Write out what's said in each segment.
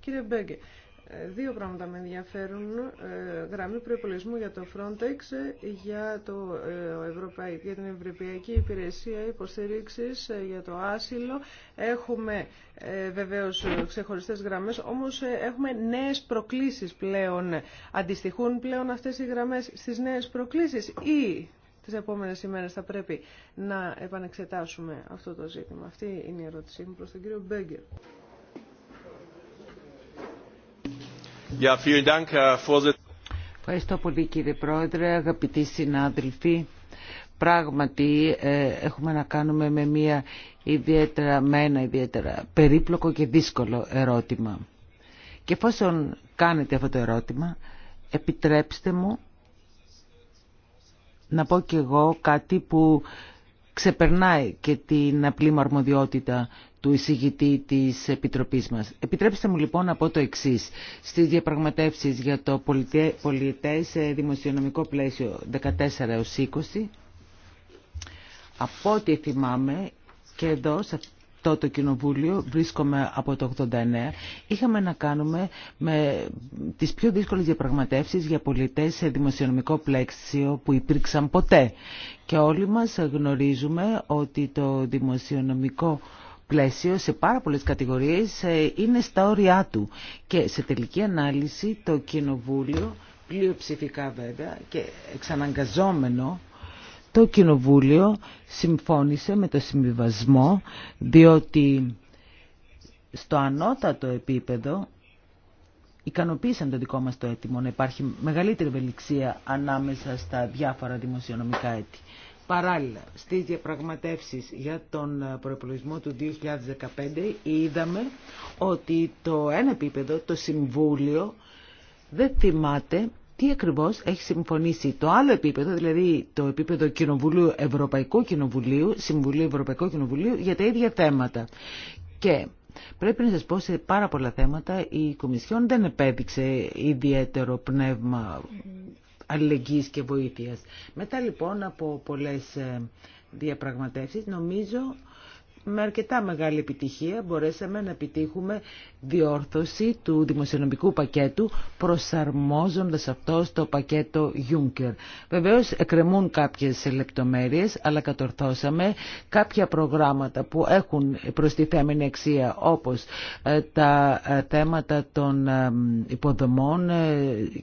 Κύριε Μπέγκε, ε, δύο πράγματα με ενδιαφέρουν. Ε, γραμμή προπολογισμού για το Frontex, για, το, ε, για την Ευρωπαϊκή Υπηρεσία Υποστήριξης για το άσυλο. Έχουμε βεβαίως ξεχωριστές γραμμές, όμως έχουμε νέες προκλήσεις πλέον. Αντιστοιχούν πλέον αυτές οι γραμμές στις νέες προκλήσεις ή τις επόμενες ημέρες θα πρέπει να επανεξετάσουμε αυτό το ζήτημα. Αυτή είναι η ερώτησή μου προς τον κύριο Μπέγκερ. Ευχαριστώ πολύ κύριε Πρόεδρε, αγαπητοί συνάδελφοι. Πράγματι ε, έχουμε να κάνουμε με, μια ιδιαίτερα, με ένα ιδιαίτερα περίπλοκο και δύσκολο ερώτημα. Και εφόσον κάνετε αυτό το ερώτημα, επιτρέψτε μου να πω κι εγώ κάτι που ξεπερνάει και την απλή μου αρμοδιότητα του εισηγητή της Επιτροπής μας. Επιτρέψτε μου λοιπόν να πω το εξής. Στις διαπραγματεύσεις για το πολιτές ε, δημοσιονομικό πλαίσιο 14 έως 20, από ό,τι θυμάμαι και εδώ σε αυτό το κοινοβούλιο, βρίσκομαι από το 89, είχαμε να κάνουμε με τις πιο δύσκολες διαπραγματεύσεις για πολιτές σε δημοσιονομικό πλαίσιο που υπήρξαν ποτέ. Και όλοι μας γνωρίζουμε ότι το δημοσιονομικό πλαίσιο σε πάρα πολλές κατηγορίες ε, είναι στα όρια του και σε τελική ανάλυση το Κοινοβούλιο πλειοψηφικά βέβαια και εξαναγκαζόμενο το Κοινοβούλιο συμφώνησε με το συμβιβασμό διότι στο ανώτατο επίπεδο ικανοποίησαν το δικό μας το έτοιμο να υπάρχει μεγαλύτερη ευελιξία ανάμεσα στα διάφορα δημοσιονομικά έτη. Παράλληλα, στις διαπραγματεύσεις για τον ε, προϋπολογισμό του 2015 είδαμε ότι το ένα επίπεδο, το Συμβούλιο, δεν θυμάται τι ακριβώς έχει συμφωνήσει το άλλο επίπεδο, δηλαδή το επίπεδο Κοινοβουλίου Ευρωπαϊκού Κοινοβουλίου, Συμβουλίου Ευρωπαϊκού Κοινοβουλίου για τα ίδια θέματα. Και πρέπει να σας πω σε πάρα πολλά θέματα η Κομισιόν δεν επέδειξε ιδιαίτερο πνεύμα αλληλεγγύης και βοήθειας. Μετά λοιπόν από πολλές ε, διαπραγματεύσεις νομίζω με αρκετά μεγάλη επιτυχία μπορέσαμε να επιτύχουμε διόρθωση του δημοσιονομικού πακέτου προσαρμόζοντας αυτό στο πακέτο Juncker. Βεβαίως εκκρεμούν κάποιες λεπτομέρειες αλλά κατορθώσαμε κάποια προγράμματα που έχουν προστιθέμενη αξία όπως ε, τα ε, θέματα των ε, υποδομών,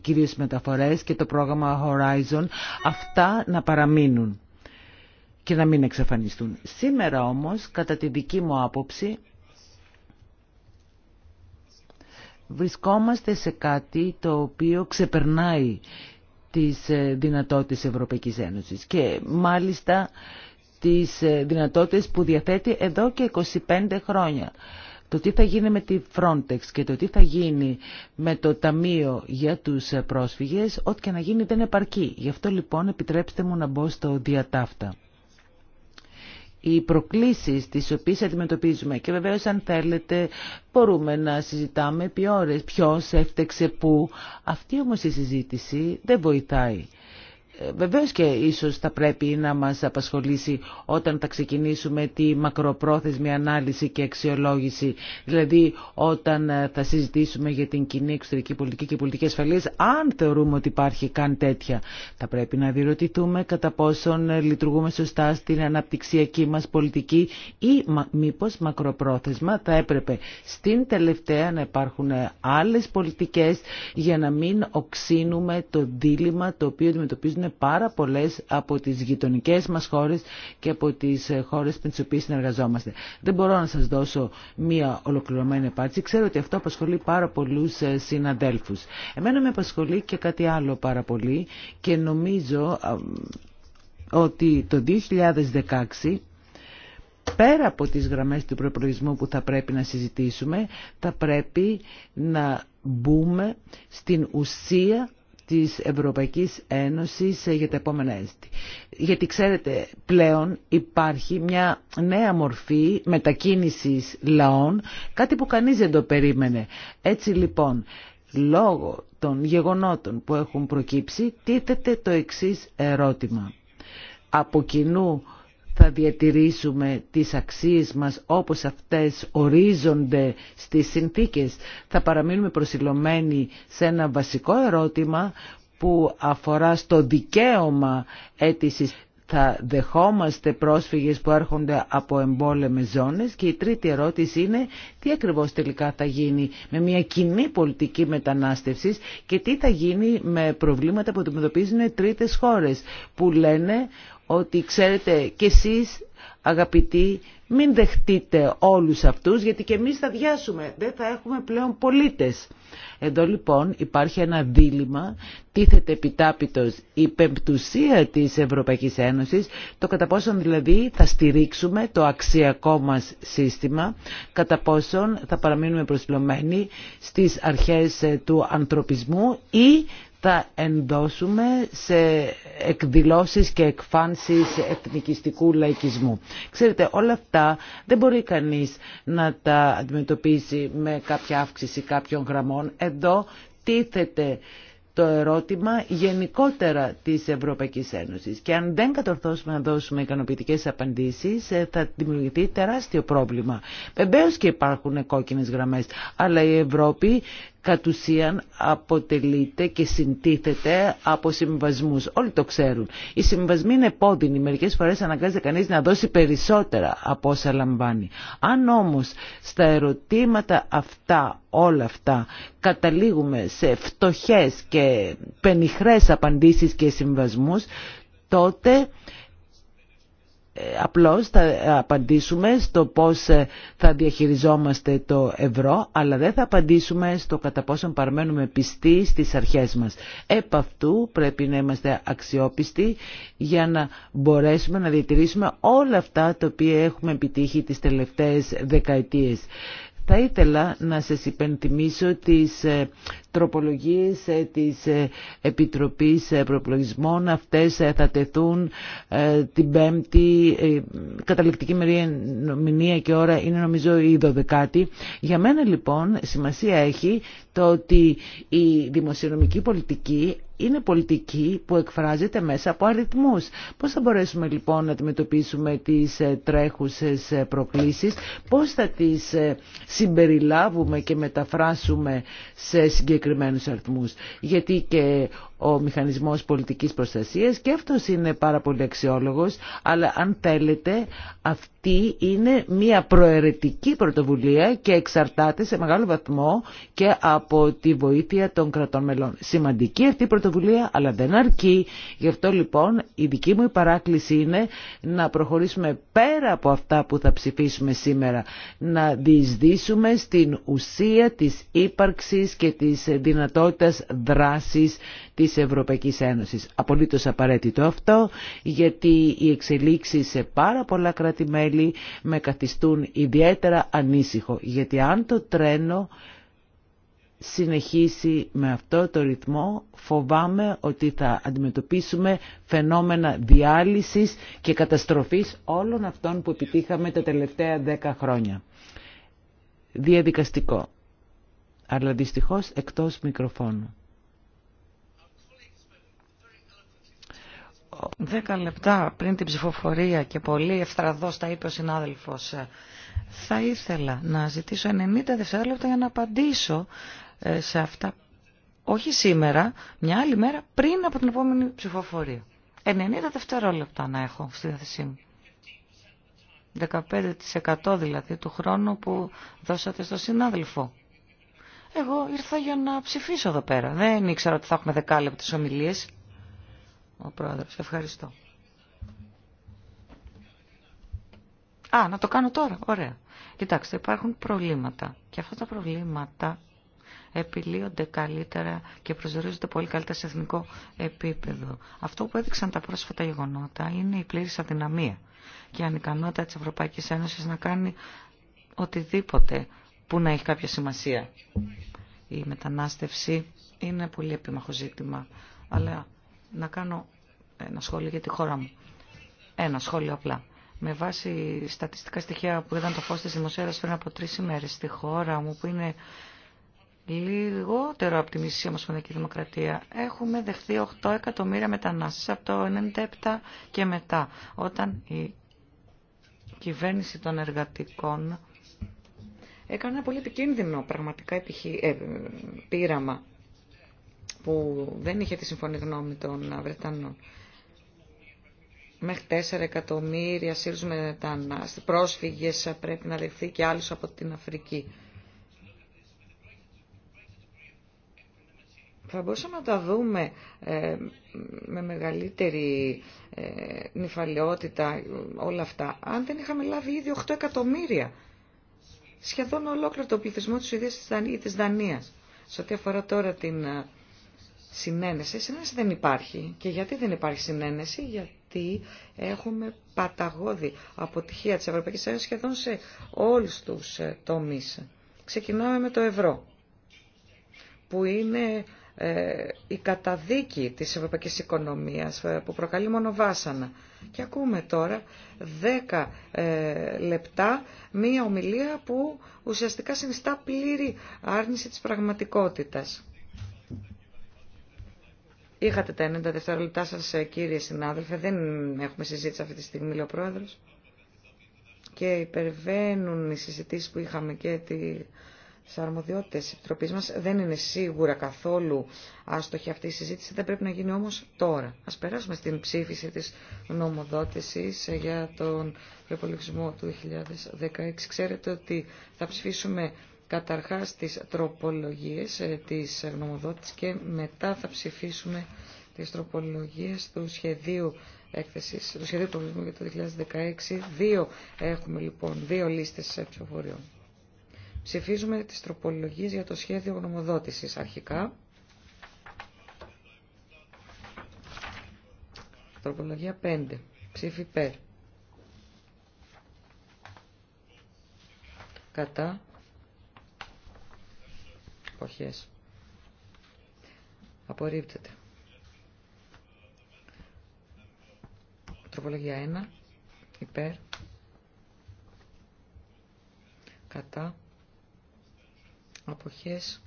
κυρίως μεταφορές και το πρόγραμμα Horizon αυτά να παραμείνουν και να μην εξαφανιστούν. Σήμερα όμως, κατά τη δική μου άποψη, βρισκόμαστε σε κάτι το οποίο ξεπερνάει τις ε, δυνατότητες Ευρωπαϊκής Ένωσης και μάλιστα τις ε, δυνατότητες που διαθέτει εδώ και 25 χρόνια. Το τι θα γίνει με τη Frontex και το τι θα γίνει με το Ταμείο για τους πρόσφυγες, ό,τι και να γίνει δεν επαρκεί. Γι' αυτό λοιπόν επιτρέψτε μου να μπω στο διατάφτα οι προκλήσεις τις οποίες αντιμετωπίζουμε και βεβαίως αν θέλετε μπορούμε να συζητάμε ποιο ώρες, ποιος έφτεξε που. Αυτή όμως η συζήτηση δεν βοηθάει Βεβαίως και ίσως θα πρέπει να μας απασχολήσει όταν θα ξεκινήσουμε τη μακροπρόθεσμη ανάλυση και αξιολόγηση. Δηλαδή όταν ε, θα συζητήσουμε για την κοινή εξωτερική πολιτική και πολιτική ασφαλείας, αν θεωρούμε ότι υπάρχει καν τέτοια. Θα πρέπει να διερωτηθούμε κατά πόσον ε, λειτουργούμε σωστά στην αναπτυξιακή μας πολιτική ή μήπως μακροπρόθεσμα θα έπρεπε στην τελευταία να υπάρχουν ε, άλλες πολιτικές για να μην οξύνουμε το δίλημα το οποίο αντιμετωπίζουν πάρα πολλές από τις γειτονικές μας χώρες και από τις ε, χώρες με τις οποίες συνεργαζόμαστε. Δεν μπορώ να σας δώσω μία ολοκληρωμένη επάρτηση. Ξέρω ότι αυτό απασχολεί πάρα πολλούς ε, συναδέλφους. Εμένα με απασχολεί και κάτι άλλο πάρα πολύ και νομίζω ότι το 2016 πέρα από τις γραμμές του προπολογισμού που θα πρέπει να συζητήσουμε, θα πρέπει να μπούμε στην ουσία της Ευρωπαϊκής Ένωσης για τα επόμενα έτη. Γιατί ξέρετε, πλέον υπάρχει μια νέα μορφή μετακίνησης λαών, κάτι που κανείς δεν το περίμενε. Έτσι λοιπόν, λόγω των γεγονότων που έχουν προκύψει, τίθεται το εξής ερώτημα. Από κοινού θα διατηρήσουμε τις αξίες μας όπως αυτές ορίζονται στις συνθήκες. Θα παραμείνουμε προσιλωμένοι σε ένα βασικό ερώτημα που αφορά στο δικαίωμα αίτησης θα δεχόμαστε πρόσφυγες που έρχονται από εμπόλεμες ζώνες και η τρίτη ερώτηση είναι τι ακριβώς τελικά θα γίνει με μια κοινή πολιτική μετανάστευσης και τι θα γίνει με προβλήματα που αντιμετωπίζουν τρίτες χώρες που λένε ότι ξέρετε κι εσείς Αγαπητοί, μην δεχτείτε όλους αυτούς γιατί και εμείς θα διάσουμε, δεν θα έχουμε πλέον πολίτες. Εδώ λοιπόν υπάρχει ένα δίλημα, τίθεται επιτάπητος η πεμπτουσία της Ευρωπαϊκής Ένωσης, το κατά πόσον δηλαδή θα στηρίξουμε το αξιακό μας σύστημα, κατά πόσον θα παραμείνουμε προσπλωμένοι στις αρχές ε, του ανθρωπισμού ή θα ενδώσουμε σε εκδηλώσεις και εκφάνσεις εθνικιστικού λαϊκισμού. Ξέρετε, όλα αυτά δεν μπορεί κανείς να τα αντιμετωπίσει με κάποια αύξηση κάποιων γραμμών. Εδώ τίθεται το ερώτημα γενικότερα της Ευρωπαϊκής Ένωσης. Και αν δεν κατορθώσουμε να δώσουμε ικανοποιητικές απαντήσεις, ε, θα δημιουργηθεί τεράστιο πρόβλημα. Βεβαίω και υπάρχουν κόκκινες γραμμές, αλλά η Ευρώπη κατ' ουσίαν αποτελείται και συντίθεται από συμβασμούς. Όλοι το ξέρουν. Οι συμβασμοί είναι πόδινοι. Μερικές φορές αναγκάζεται κανείς να δώσει περισσότερα από όσα λαμβάνει. Αν όμως στα ερωτήματα αυτά, όλα αυτά, καταλήγουμε σε φτωχές και πενιχρές απαντήσεις και συμβασμούς, τότε ε, απλώς θα ε, απαντήσουμε στο πώς ε, θα διαχειριζόμαστε το ευρώ, αλλά δεν θα απαντήσουμε στο κατά πόσον παραμένουμε πιστοί στις αρχές μας. Επ' αυτού πρέπει να είμαστε αξιόπιστοι για να μπορέσουμε να διατηρήσουμε όλα αυτά τα οποία έχουμε επιτύχει τις τελευταίες δεκαετίες. Θα ήθελα να σας υπενθυμίσω τις ε, τροπολογίες ε, της ε, Επιτροπής Προπολογισμών. Αυτές θα τεθούν την Πέμπτη. Καταληκτική μερία και ώρα είναι νομίζω η δωδεκάτη. Λοιπόν, δημοσιονομική πολιτική είναι πολιτική που εκφράζεται μέσα από αριθμούς. Πώς θα μπορέσουμε λοιπόν να αντιμετωπίσουμε τις ε, τρέχουσες ε, προκλήσεις, πώς θα τις ε, συμπεριλάβουμε και μεταφράσουμε σε συγκεκριμένους αριθμούς. Γιατί ο μηχανισμός πολιτικής προστασίας και αυτός είναι πάρα πολύ αξιόλογος, αλλά αν θέλετε αυτή είναι μια προαιρετική πρωτοβουλία και εξαρτάται σε μεγάλο βαθμό και από τη βοήθεια των κρατών μελών. Σημαντική αυτή η πρωτοβουλία, αλλά δεν αρκεί. Γι' αυτό λοιπόν η δική μου παράκληση είναι να προχωρήσουμε πέρα από αυτά που θα ψηφίσουμε σήμερα, να διεισδύσουμε στην ουσία της ύπαρξης και της δυνατότητας δράσης της Ευρωπαϊκής Ένωσης. Απολύτως απαραίτητο αυτό γιατί οι εξελίξεις σε πάρα πολλά κράτη-μέλη με καθιστούν ιδιαίτερα ανήσυχο γιατί αν το τρένο συνεχίσει με αυτό το ρυθμό φοβάμαι ότι θα αντιμετωπίσουμε φαινόμενα διάλυσης και καταστροφής όλων αυτών που επιτύχαμε τα τελευταία δέκα χρόνια. Διαδικαστικό. Αλλά δυστυχώς εκτός μικροφώνου. Δέκα λεπτά πριν την ψηφοφορία και πολύ ευθραδός τα είπε ο συνάδελφος. Ε, θα ήθελα να ζητήσω 90 δευτερόλεπτα για να απαντήσω ε, σε αυτά. Όχι σήμερα, μια άλλη μέρα πριν από την επόμενη ψηφοφορία. 90 δευτερόλεπτα να έχω στη διάθεσή μου. 15% δηλαδή του χρόνου που δώσατε στο συνάδελφο. Εγώ ήρθα για να ψηφίσω εδώ πέρα. Δεν ήξερα ότι θα έχουμε δεκάλεπτες ομιλίες ο πρόεδρος. Ευχαριστώ. Α, να το κάνω τώρα. Ωραία. Κοιτάξτε, υπάρχουν προβλήματα. Και αυτά τα προβλήματα επιλύονται καλύτερα και προσδιορίζονται πολύ καλύτερα σε εθνικό επίπεδο. Αυτό που έδειξαν τα πρόσφατα γεγονότα είναι η πλήρης αδυναμία και η ανικανότητα της Ευρωπαϊκής Ένωσης να κάνει οτιδήποτε που να έχει κάποια σημασία. Η μετανάστευση είναι πολύ επίμαχο ζήτημα, αλλά να κάνω ένα σχόλιο για τη χώρα μου. Ένα σχόλιο απλά. Με βάση στατιστικά στοιχεία που είδαν το φως της δημοσίας πριν από τρεις ημέρες στη χώρα μου που είναι λιγότερο από τη μισή ομοσπονδιακή δημοκρατία. Έχουμε δεχθεί 8 εκατομμύρια μετανάστες από το 1997 και μετά, όταν η κυβέρνηση των εργατικών έκανε ένα πολύ επικίνδυνο πραγματικά ε, πείραμα που δεν είχε τη συμφωνή γνώμη των Βρετανών. Μέχρι 4 εκατομμύρια Σύρους μετανάστες, πρόσφυγες πρέπει να δεχθεί και άλλους από την Αφρική. Θα μπορούσαμε να τα δούμε ε, με μεγαλύτερη ε, νυφαλαιότητα όλα αυτά, αν δεν είχαμε λάβει ήδη 8 εκατομμύρια. Σχεδόν ολόκληρο το πληθυσμό της Ιδίας ή της Δανίας. Σε ό,τι αφορά τώρα την ε, συνένεση. Συνένεση δεν υπάρχει. Και γιατί δεν υπάρχει συνένεση, γιατί έχουμε παταγώδη αποτυχία της Ευρωπαϊκής Ένωσης σχεδόν σε όλους τους ε, τομείς. Ξεκινάμε με το ευρώ, που είναι ε, η καταδίκη της ευρωπαϊκής οικονομίας ε, που προκαλεί μόνο Και ακούμε τώρα 10 λεπτά μία ομιλία που ουσιαστικά συνιστά πλήρη άρνηση της πραγματικότητας. Είχατε τα 90 δευτερόλεπτά σα, ε, κύριε συνάδελφε. Δεν έχουμε συζήτηση αυτή τη στιγμή, λέει ο πρόεδρο. Και υπερβαίνουν οι συζητήσει που είχαμε και τι αρμοδιότητε τη Επιτροπή μα. Δεν είναι σίγουρα καθόλου άστοχη αυτή η συζήτηση. Δεν πρέπει να γίνει όμω τώρα. Α περάσουμε στην ψήφιση τη νομοδότηση ε, για τον προπολογισμό του 2016. Ξέρετε ότι θα ψηφίσουμε καταρχάς τις τροπολογίες ε, της γνωμοδότης και μετά θα ψηφίσουμε τις τροπολογίες του σχεδίου έκθεσης, του σχεδίου προβλήματος για το 2016. Δύο έχουμε λοιπόν, δύο λίστες ε, ψηφοφοριών. Ψηφίζουμε τις τροπολογίες για το σχέδιο γνωμοδότησης αρχικά. Τροπολογία 5. Ψήφι Κατά. Αποχές. Απορρίπτεται. Τροπολογία 1. Υπέρ. Κατά. Αποχές.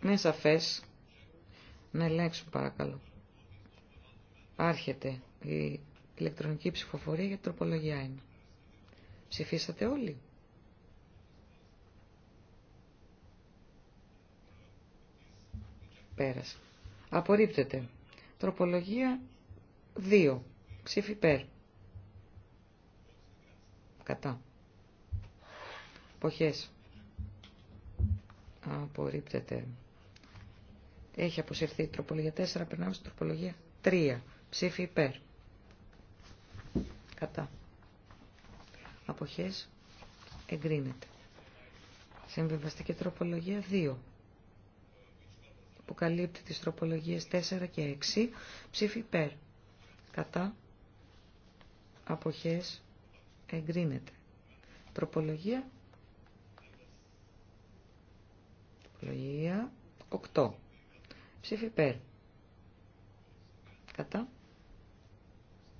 Ναι, σαφές. Να ελέγξουμε παρακαλώ. Άρχεται η ηλεκτρονική ψηφοφορία για τροπολογία 1. Ψηφίσατε όλοι. Πέρας. Απορρίπτεται. Τροπολογία 2. Ψήφι πέρ. Κατά. Ποχές. Απορρίπτεται. Έχει αποσυρθεί η τροπολογία 4, περνάμε στην τροπολογία 3. Ψήφι υπέρ. Κατά. Αποχές εγκρίνεται. Συμβιβαστική τροπολογία 2 που καλύπτει τις τροπολογίες 4 και 6, ψήφι υπέρ. Κατά αποχές εγκρίνεται. Τροπολογία, τροπολογία 8, ψήφι υπέρ. Κατά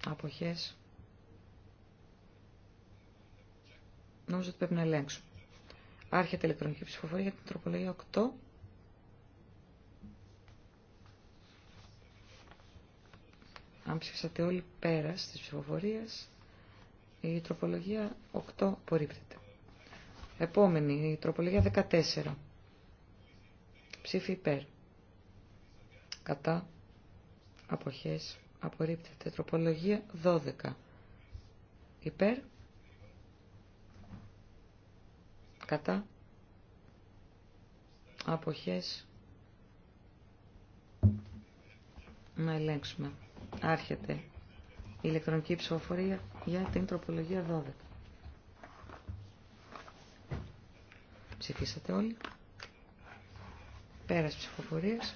αποχές Νομίζω ότι πρέπει να ελέγξουμε. Άρχεται ηλεκτρονική ψηφοφορία για την τροπολογία 8. Αν ψηφίσατε όλοι πέρα στις ψηφοφορίας, η τροπολογία 8 απορρίπτεται. Επόμενη, η τροπολογία 14. Ψήφι υπέρ. Κατά. Αποχές. Απορρίπτεται. Τροπολογία 12. Υπέρ. Κατά. Αποχές. Να ελέγξουμε. Άρχεται η ηλεκτρονική ψηφοφορία για την τροπολογία 12. Ψηφίσατε όλοι. Πέρας ψηφοφορίας.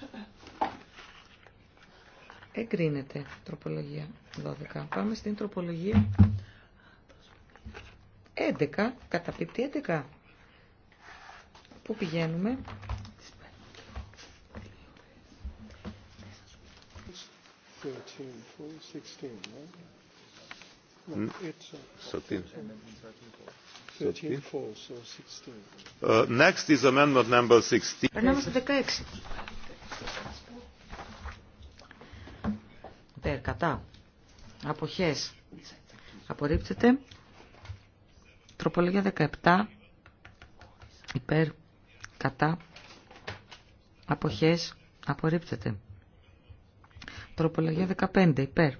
Εγκρίνεται τροπολογία 12. Πάμε στην τροπολογία 11. Καταπίπτει 11. Πού πηγαίνουμε. 13, 4, 16, right? 13. 13 4, 16. Uh, next is amendment number 16. 16. Υπέρ, κατά. Αποχές. Απορρίπτεται. Τροπολογία 17. Υπέρ, κατά. Αποχές. Απορρίπτεται. Τροπολογία 15 υπέρ.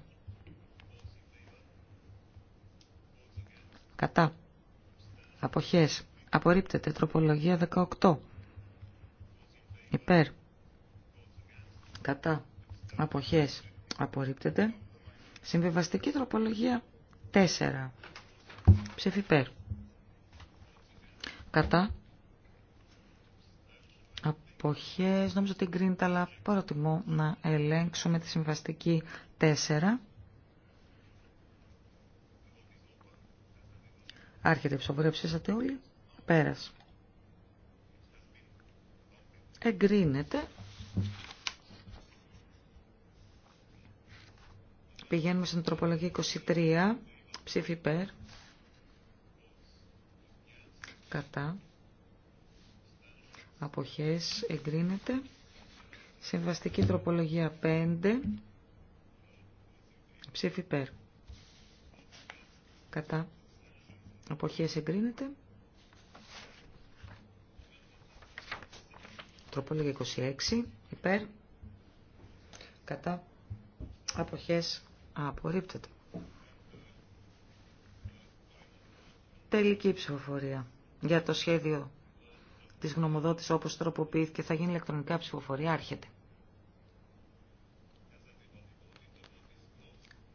Κατά. Αποχές. Απορρίπτεται. Τροπολογία 18. Υπέρ. Κατά. Αποχές. Απορρίπτεται. Συμβιβαστική τροπολογία 4. Ψήφι υπέρ. Κατά εποχές. Νομίζω ότι εγκρίνεται, αλλά προτιμώ να ελέγξουμε τη συμβαστική 4. Άρχεται η ψηφοφορία, ψήσατε όλοι. Πέρας. Εγκρίνεται. Πηγαίνουμε στην τροπολογία 23, ψήφι υπέρ. Κατά αποχές εγκρίνεται. Συμβαστική τροπολογία 5, ψήφι υπέρ. Κατά αποχές εγκρίνεται. Τροπολογία 26, υπέρ. Κατά αποχές απορρίπτεται. Τελική ψηφοφορία για το σχέδιο Τη γνωμοδότηση όπως τροποποιήθηκε. Θα γίνει ηλεκτρονικά ψηφοφορία. Άρχεται.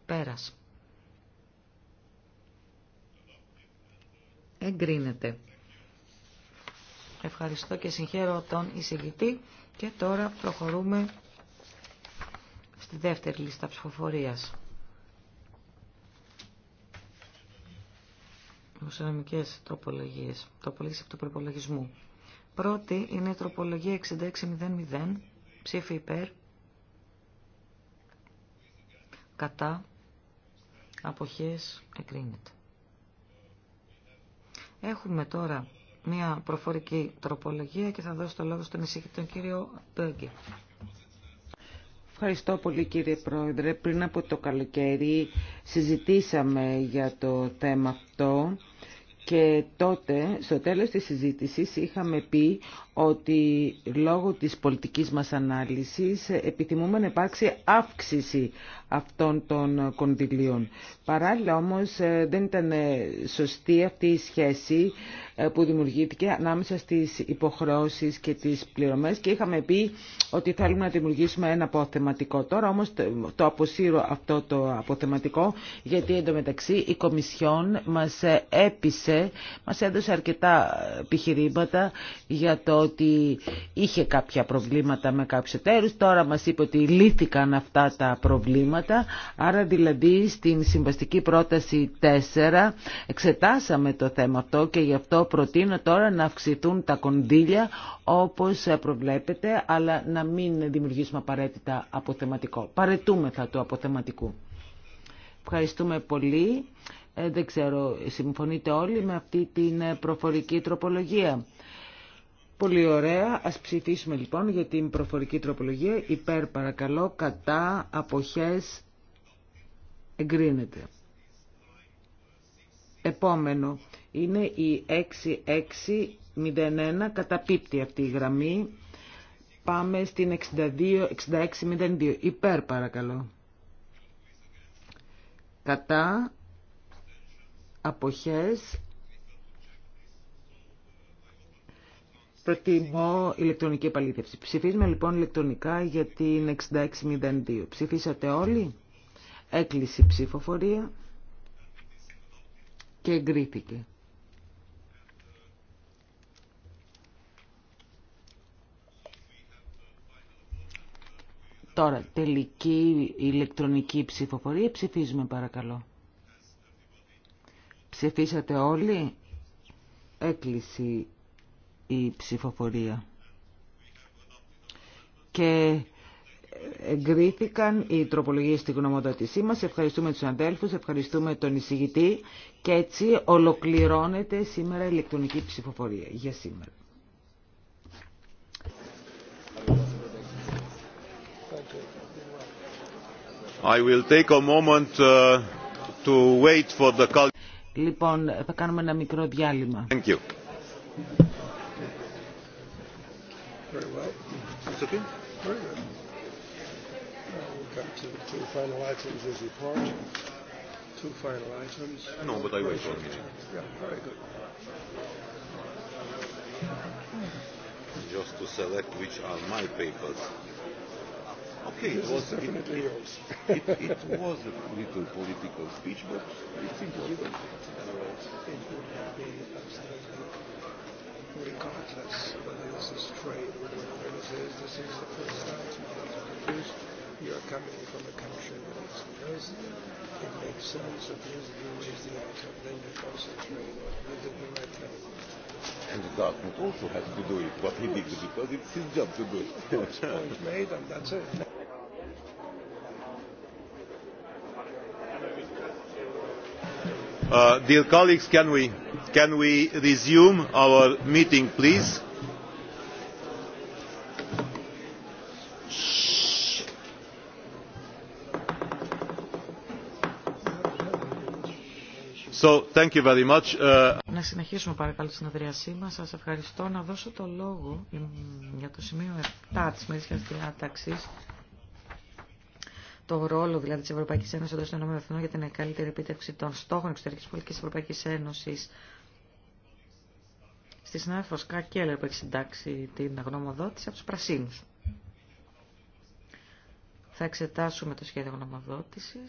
Πέρας. Εγκρίνεται. Ευχαριστώ και συγχαίρω τον εισηγητή και τώρα προχωρούμε στη δεύτερη λίστα ψηφοφορίας. Δημοσιονομικές τροπολογίες, τροπολογίες από του προπολογισμού. Πρώτη είναι η τροπολογία 6600, ψήφι υπέρ, κατά, αποχές, εκρίνεται. Έχουμε τώρα μια προφορική τροπολογία και θα δώσω το λόγο στον εισηγητή τον κύριο Μπέγκε. Ευχαριστώ πολύ κύριε Πρόεδρε. Πριν από το καλοκαίρι συζητήσαμε για το θέμα αυτό και τότε, στο τέλος της συζήτησης, είχαμε πει ότι λόγω της πολιτικής μας ανάλυσης επιθυμούμε να υπάρξει αύξηση αυτών των κονδυλίων. Παράλληλα όμως ε, δεν ήταν ε, σωστή αυτή η σχέση ε, που δημιουργήθηκε ανάμεσα στις υποχρεώσεις και τις πληρωμές και είχαμε πει ότι θέλουμε να δημιουργήσουμε ένα αποθεματικό. Τώρα όμως το αποσύρω αυτό το αποθεματικό γιατί εντωμεταξύ η Κομισιόν μας έπεισε, μας έδωσε αρκετά επιχειρήματα για το ότι είχε κάποια προβλήματα με κάποιους εταίρους. Τώρα μας είπε ότι λύθηκαν αυτά τα προβλήματα. Άρα δηλαδή στην συμβαστική πρόταση 4 εξετάσαμε το θέμα αυτό και γι' αυτό προτείνω τώρα να αυξηθούν τα κονδύλια όπως προβλέπετε αλλά να μην δημιουργήσουμε απαραίτητα αποθεματικό. θα του αποθεματικού. Ευχαριστούμε πολύ. Ε, δεν ξέρω, συμφωνείτε όλοι με αυτή την προφορική τροπολογία. Πολύ ωραία. Ας ψηφίσουμε λοιπόν για την προφορική τροπολογία. Υπέρ παρακαλώ, κατά, αποχές, εγκρίνεται. Επόμενο είναι η 6601, καταπίπτει αυτή η γραμμή. Πάμε στην 62-6602. Υπέρ παρακαλώ. Κατά, αποχές, Προτιμώ ηλεκτρονική επαλήθευση. Ψηφίζουμε λοιπόν ηλεκτρονικά για την 6602. Ψηφίσατε όλοι. Έκλεισε η ψηφοφορία και εγκρίθηκε. Τώρα, τελική ηλεκτρονική ψηφοφορία. Ψηφίζουμε παρακαλώ. Ψηφίσατε όλοι. Έκλεισε η ψηφοφορία. Και εγκρίθηκαν οι τροπολογίες στη γνωμοδότησή μας. Ευχαριστούμε τους αδέλφους, ευχαριστούμε τον εισηγητή και έτσι ολοκληρώνεται σήμερα η ηλεκτρονική ψηφοφορία για σήμερα. I will take a moment uh, to wait for the... Λοιπόν, θα κάνουμε ένα μικρό διάλειμμα. Thank you. Very well. It's okay? Very good. Now we got to two final items as report. Two final items. No, but I wait for Yeah, very good. Just to select which are my papers. Okay, it was definitely yours. it, it was a little political speech, but it was. It would have been regardless whether this is trade, whether it is, this is the first time you are coming from a country that is first, it makes sense you raise the item, then you concentrate on the right And the government also has to do it, what he did, because it's his job to do it. Point made, and that's it. Uh, dear colleagues, can we Can we resume our meeting, please? So, thank you very much. Uh, Να συνεχίσουμε παρακαλώ τη συνεδρίασή μα. Σα ευχαριστώ. Να δώσω το λόγο για το σημείο 7 της μέση διάταξη. το ρόλο δηλαδή τη Ευρωπαϊκή Ένωση εντό των για την καλύτερη επίτευξη των στόχων εξωτερική πολιτική τη Ευρωπαϊκή Ένωση στη συνάδελφο Σκά Κέλλερ που έχει συντάξει την γνωμοδότηση από του Πρασίνους. Θα εξετάσουμε το σχέδιο γνωμοδότηση.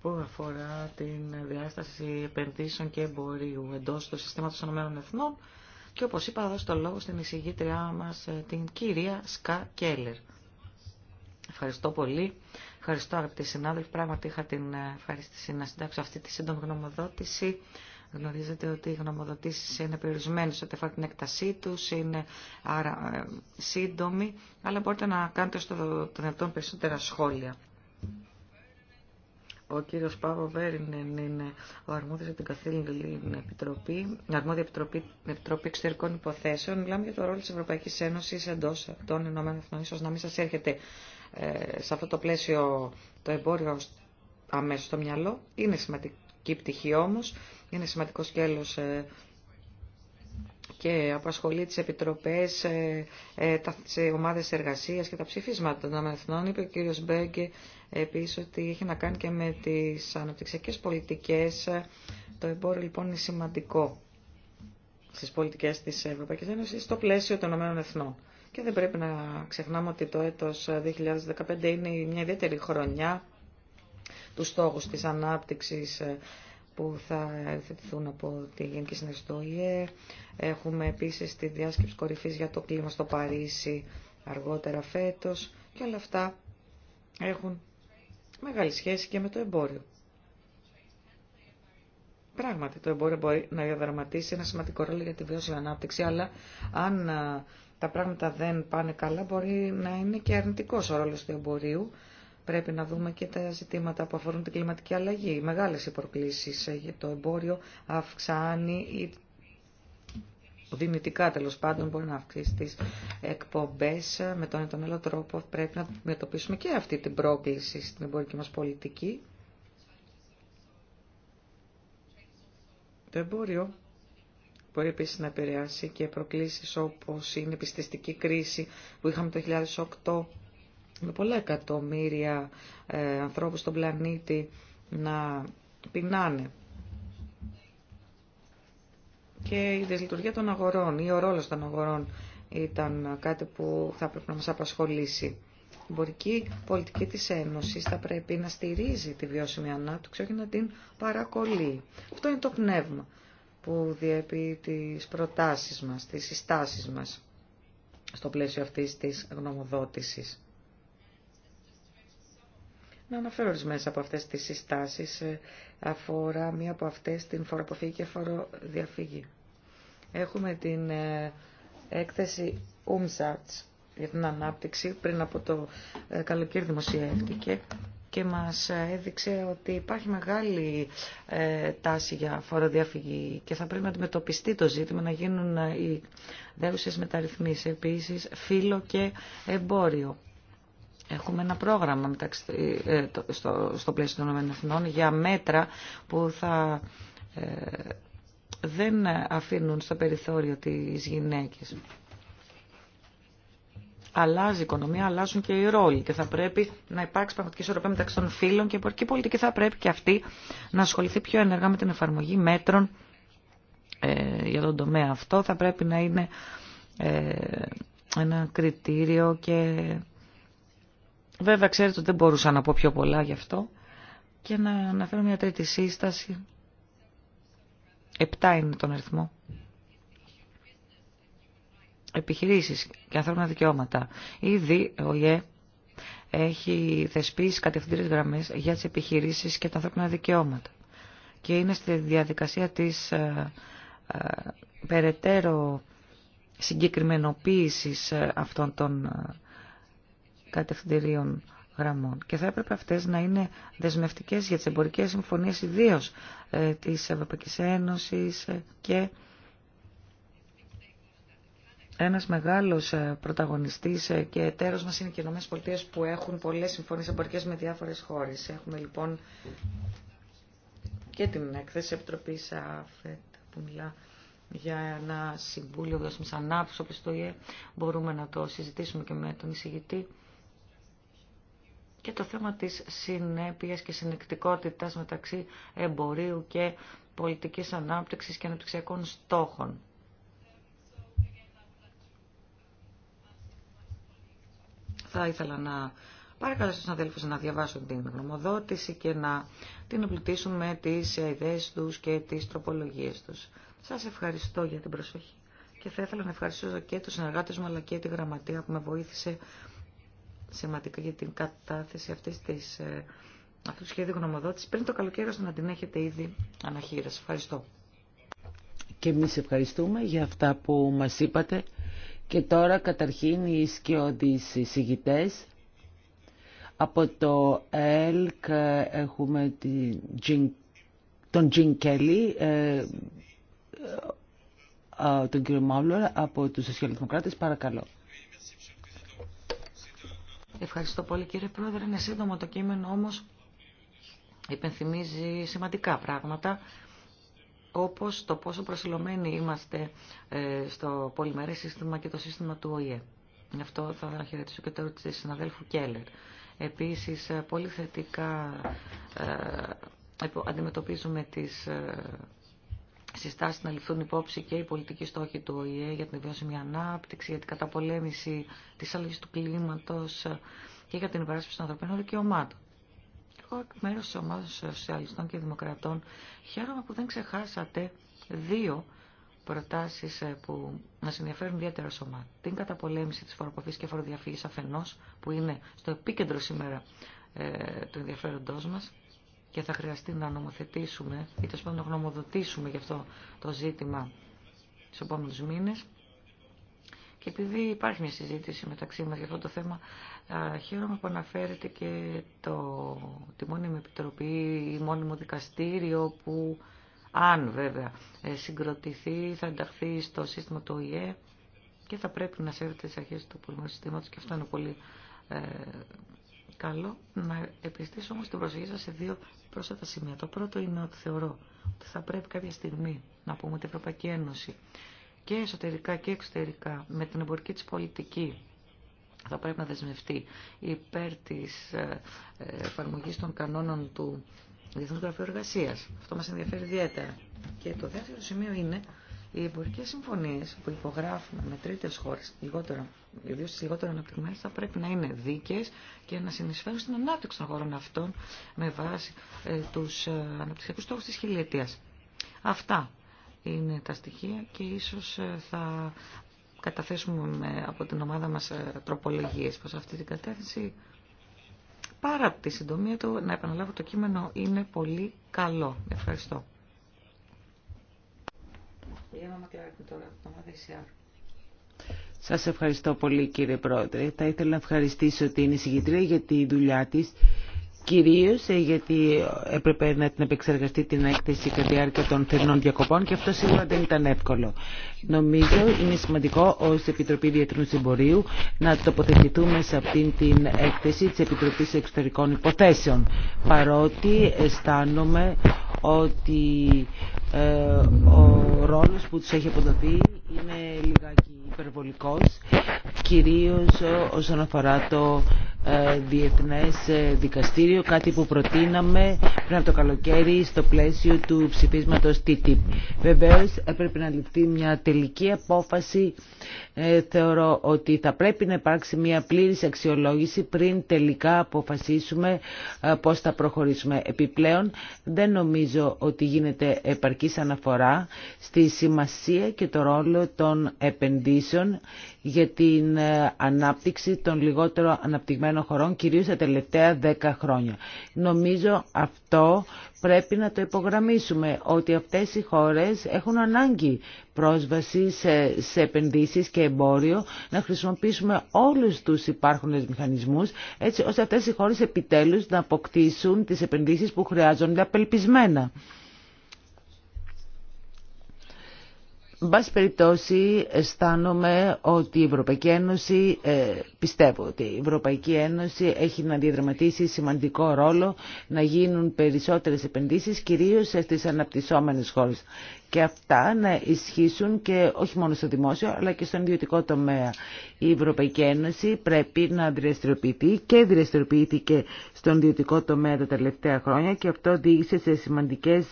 που αφορά την διάσταση επενδύσεων και εμπορίου εντός του συστήματος των Εθνών και όπως είπα θα δώσω το λόγο στην εισηγήτριά μας την κυρία Σκά Κέλλερ. Ευχαριστώ πολύ. Ευχαριστώ αγαπητοί συνάδελφοι. Πράγματι είχα την ε, ευχαριστήση να συντάξω αυτή τη σύντομη γνωμοδότηση. Γνωρίζετε ότι οι γνωμοδοτήσει είναι περιορισμένε ό,τι αφορά την έκτασή του, είναι άρα ε, σύντομοι, αλλά μπορείτε να κάνετε στο δυνατόν περισσότερα σχόλια. Ο κύριος Πάβο Βέρινεν είναι ο αρμόδιος για την Καθήλυνη Επιτροπή, αρμόδια Επιτροπή, Επιτροπή Εξωτερικών Υποθέσεων. Μιλάμε για το ρόλο της Ευρωπαϊκής Ένωσης εντός των ΗΠΑ, ίσως να μην σα έρχεται ε, σε αυτό το πλαίσιο το εμπόριο αμέσως στο μυαλό. Είναι σημαντική πτυχή όμως, είναι σημαντικό σκέλος ε, και απασχολεί τις επιτροπές, ε, τις ομάδες εργασίας και τα ψηφίσματα των Εθνών. Είπε ο κύριος Μπέγκε επίσης ότι έχει να κάνει και με τις αναπτυξιακές πολιτικές. Το εμπόριο λοιπόν είναι σημαντικό στις πολιτικές της Ευρωπαϊκής στο πλαίσιο των Ηνωμένων και δεν πρέπει να ξεχνάμε ότι το έτος 2015 είναι μια ιδιαίτερη χρονιά του στόχου της ανάπτυξης ε, που θα θετηθούν από τη Γενική Συνέλευση του ΟΗΕ. Έχουμε επίσης τη διάσκεψη κορυφής για το κλίμα στο Παρίσι αργότερα φέτος και όλα αυτά έχουν μεγάλη σχέση και με το εμπόριο. Πράγματι, το εμπόριο μπορεί να διαδραματίσει ένα σημαντικό ρόλο για τη βιώσιμη ανάπτυξη, αλλά αν ε, τα πράγματα δεν πάνε καλά, μπορεί να είναι και αρνητικός ο ρόλος του εμπορίου. Πρέπει να δούμε και τα ζητήματα που αφορούν την κλιματική αλλαγή. Μεγάλες οι ε, για το εμπόριο αυξάνει δυνητικά τέλο πάντων μπορεί να αυξήσει τι εκπομπέ με τον τον άλλο τρόπο. Πρέπει να αντιμετωπίσουμε και αυτή την πρόκληση στην εμπορική μα πολιτική. Το εμπόριο μπορεί επίση να επηρεάσει και προκλήσει όπως είναι η πιστιστική κρίση που είχαμε το 2008 με πολλά εκατομμύρια ε, ανθρώπους στον πλανήτη να πεινάνε. Και η δυσλειτουργία των αγορών ή ο ρόλος των αγορών ήταν κάτι που θα πρέπει να μας απασχολήσει. Η εμπορική πολιτική της Ένωσης θα πρέπει να στηρίζει τη βιώσιμη ανάπτυξη, όχι να την παρακολεί. Αυτό είναι το πνεύμα που διέπει τις προτάσεις μας, τις συστάσεις μας στο πλαίσιο αυτής της γνωμοδότησης. Να αναφέρω ορισμένε από αυτές τις συστάσεις ε, αφορά μία από αυτές την φοροποφύγη και φοροδιαφύγη. Έχουμε την ε, έκθεση UMSATS για την ανάπτυξη πριν από το ε, καλοκαίρι δημοσιεύτηκε και μας έδειξε ότι υπάρχει μεγάλη ε, τάση για φοροδιαφυγή και θα πρέπει να αντιμετωπιστεί το ζήτημα, να γίνουν ε, οι δέουσες μεταρρυθμίσεις, επίσης φύλλο και εμπόριο. Έχουμε ένα πρόγραμμα ε, στο, στο πλαίσιο των ΗΠΑ για μέτρα που θα δεν αφήνουν στο περιθώριο τις γυναίκες αλλάζει η οικονομία, αλλάζουν και οι ρόλοι και θα πρέπει να υπάρξει πραγματική ισορροπία μεταξύ των φύλων και η πολιτική θα πρέπει και αυτή να ασχοληθεί πιο ενεργά με την εφαρμογή μέτρων ε, για τον τομέα αυτό. Θα πρέπει να είναι ε, ένα κριτήριο και βέβαια ξέρετε ότι δεν μπορούσα να πω πιο πολλά γι' αυτό και να αναφέρω μια τρίτη σύσταση. Επτά είναι τον αριθμό επιχειρήσεις και ανθρώπινα δικαιώματα. Ήδη ο ΙΕ έχει θεσπίσει κατευθυντήριες γραμμές για τις επιχειρήσεις και τα ανθρώπινα δικαιώματα. Και είναι στη διαδικασία της ε, ε, περαιτέρω συγκεκριμενοποίησης ε, αυτών των κατευθυντηρίων γραμμών. Και θα έπρεπε αυτές να είναι δεσμευτικές για τις εμπορικές συμφωνίες ιδίως ε, της Ευρωπαϊκής και ένας μεγάλος ε, πρωταγωνιστής ε, και εταίρος μας είναι και οι ΗΠΑ που έχουν πολλές συμφωνίες εμπορικές με διάφορες χώρες. Έχουμε λοιπόν και την έκθεση Επιτροπής ΑΦΕΤ που μιλά για ένα συμβούλιο βιώσιμης ανάπτυξης όπως το ΙΕ. Μπορούμε να το συζητήσουμε και με τον εισηγητή. Και το θέμα της συνέπειας και συνεκτικότητας μεταξύ εμπορίου και πολιτικής ανάπτυξης και αναπτυξιακών στόχων. Θα ήθελα να παρακαλώ στους αδέλφους να διαβάσουν την γνωμοδότηση και να την εμπλουτίσουν με τις ιδέες τους και τις τροπολογίες τους. Σας ευχαριστώ για την προσοχή και θα ήθελα να ευχαριστήσω και τους συνεργάτες μου αλλά και τη γραμματεία που με βοήθησε σημαντικά για την κατάθεση αυτής της, ε, αυτού του σχέδιου γνωμοδότηση πριν το καλοκαίρι ώστε να την έχετε ήδη αναχείραση. Ευχαριστώ. Και εμείς ευχαριστούμε για αυτά που μας είπατε. Και τώρα καταρχήν οι σκιώδεις εισηγητές. Από το ΕΛΚ ε, έχουμε τον Τζιν Κέλλη, ε, ε, τον κύριο Μάουλορ από τους Σοσιαλδημοκράτες. Παρακαλώ. Ευχαριστώ πολύ κύριε Πρόεδρε. Είναι σύντομο το κείμενο όμως υπενθυμίζει σημαντικά πράγματα όπως το πόσο προσιλωμένοι είμαστε ε, στο πολυμερέ σύστημα και το σύστημα του ΟΗΕ. Γι' αυτό θα χαιρετήσω και το ερώτηση της συναδέλφου Κέλλερ. Επίσης, ε, πολύ θετικά ε, αντιμετωπίζουμε τις συστάσεις να ληφθούν υπόψη και οι πολιτικοί στόχοι του ΟΗΕ για την βιώσιμη ανάπτυξη, για την καταπολέμηση της αλλαγής του κλίματος και για την υπεράσπιση των ανθρωπίνων δικαιωμάτων. Εγώ μέρος της ομάδας Σοσιαλιστών και Δημοκρατών χαίρομαι που δεν ξεχάσατε δύο προτάσεις ε, που μας ενδιαφέρουν ιδιαίτερα σώμα. Την καταπολέμηση της φοροποφής και φοροδιαφύγης αφενός, που είναι στο επίκεντρο σήμερα ε, του ενδιαφέροντός μας και θα χρειαστεί να νομοθετήσουμε ή τέλο να γνωμοδοτήσουμε γι' αυτό το ζήτημα στους επόμενους μήνες και επειδή υπάρχει μια συζήτηση μεταξύ μας για αυτό το θέμα, χαίρομαι που αναφέρεται και το, τη μόνιμη επιτροπή ή μόνιμο δικαστήριο που αν βέβαια ε, συγκροτηθεί θα ενταχθεί στο σύστημα του ΟΗΕ και θα πρέπει να σέβεται τις αρχές του πολιτικού συστήματος και αυτό είναι πολύ ε, καλό. Να επιστήσω όμως την προσοχή σας σε δύο πρόσθετα σημεία. Το πρώτο είναι ότι θεωρώ ότι θα πρέπει κάποια στιγμή να πούμε την η Ευρωπαϊκή Ένωση και εσωτερικά και εξωτερικά με την εμπορική της πολιτική θα πρέπει να δεσμευτεί υπέρ της ε, ε, εφαρμογής των κανόνων του Διεθνούς Γραφείου Εργασίας. Αυτό μας ενδιαφέρει ιδιαίτερα. Και το δεύτερο σημείο είναι οι εμπορικέ συμφωνίε που υπογράφουμε με τρίτε χώρε, ιδίω στι λιγότερο αναπτυγμένε, θα πρέπει να είναι δίκαιε και να συνεισφέρουν στην ανάπτυξη των χωρών αυτών με βάση ε, του ε, αναπτυξιακού στόχου τη χιλιετία. Αυτά είναι τα στοιχεία και ίσως ε, θα καταθέσουμε από την ομάδα μας ε, τροπολογίες προς αυτή την κατεύθυνση. Πάρα τη συντομία του, να επαναλάβω το κείμενο, είναι πολύ καλό. Ευχαριστώ. Σας ευχαριστώ πολύ κύριε Πρόεδρε. Θα ήθελα να ευχαριστήσω την εισηγητρία για τη δουλειά της κυρίως ε, γιατί έπρεπε να την επεξεργαστεί την έκθεση κατά τη διάρκεια των θερινών διακοπών και αυτό σίγουρα δεν ήταν εύκολο. Νομίζω είναι σημαντικό ως Επιτροπή Διεθνού Συμπορίου να τοποθετηθούμε σε αυτήν την έκθεση της Επιτροπής Εξωτερικών Υποθέσεων παρότι αισθάνομαι ότι ε, ο ρόλος που τους έχει αποδοθεί είναι λιγάκι υπερβολικός κυρίως όσον αφορά το ε, διεθνές ε, δικαστήριο, κάτι που προτείναμε πριν από το καλοκαίρι στο πλαίσιο του ψηφίσματος TTIP. Βεβαίως έπρεπε να ληφθεί μια τελική απόφαση. Ε, θεωρώ ότι θα πρέπει να υπάρξει μια πλήρης αξιολόγηση πριν τελικά αποφασίσουμε πώς θα προχωρήσουμε. Επιπλέον δεν νομίζω ότι γίνεται επαρκής αναφορά στη σημασία και το ρόλο των επενδύσεων για την ε, ανάπτυξη των λιγότερο αναπτυγμένων χωρών, κυρίως τα τελευταία δέκα χρόνια. Νομίζω αυτό πρέπει να το υπογραμμίσουμε, ότι αυτές οι χώρες έχουν ανάγκη πρόσβαση σε, σε επενδύσεις και εμπόριο, να χρησιμοποιήσουμε όλους τους υπάρχοντες μηχανισμούς, έτσι ώστε αυτές οι χώρες επιτέλους να αποκτήσουν τις επενδύσεις που χρειάζονται απελπισμένα. Εν πάση περιπτώσει αισθάνομαι ότι η Ευρωπαϊκή Ένωση, ε, πιστεύω ότι η Ευρωπαϊκή Ένωση έχει να διαδραματίσει σημαντικό ρόλο να γίνουν περισσότερες επενδύσεις κυρίως στις αναπτυσσόμενες χώρες και αυτά να ισχύσουν και όχι μόνο στο δημόσιο αλλά και στον ιδιωτικό τομέα. Η Ευρωπαϊκή Ένωση πρέπει να δραστηριοποιηθεί και δραστηριοποιήθηκε στον ιδιωτικό τομέα τα τελευταία χρόνια και αυτό οδήγησε σε σημαντικές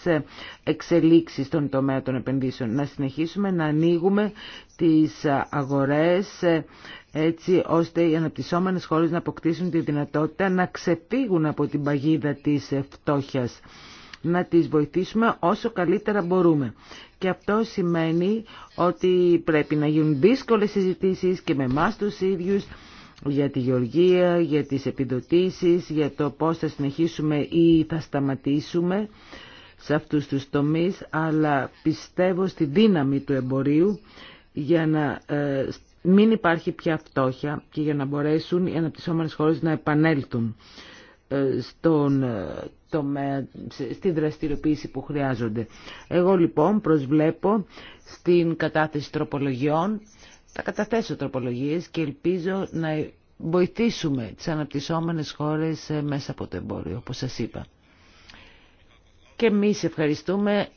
εξελίξεις στον τομέα των επενδύσεων. Να συνεχίσουμε να ανοίγουμε τις αγορές έτσι ώστε οι αναπτυσσόμενες χώρες να αποκτήσουν τη δυνατότητα να ξεφύγουν από την παγίδα της φτώχειας να τις βοηθήσουμε όσο καλύτερα μπορούμε. Και αυτό σημαίνει ότι πρέπει να γίνουν δύσκολες συζητήσεις και με εμά τους ίδιους για τη γεωργία, για τις επιδοτήσεις, για το πώς θα συνεχίσουμε ή θα σταματήσουμε σε αυτούς τους τομείς, αλλά πιστεύω στη δύναμη του εμπορίου για να ε, μην υπάρχει πια φτώχεια και για να μπορέσουν οι αναπτυσσόμενες χώρες να επανέλθουν ε, στον ε, στη δραστηριοποίηση που χρειάζονται. Εγώ λοιπόν προσβλέπω στην κατάθεση τροπολογιών, θα καταθέσω τροπολογίες και ελπίζω να βοηθήσουμε τις αναπτυσσόμενες χώρες ε, μέσα από το εμπόριο, όπως σας είπα. Και εμεί ευχαριστούμε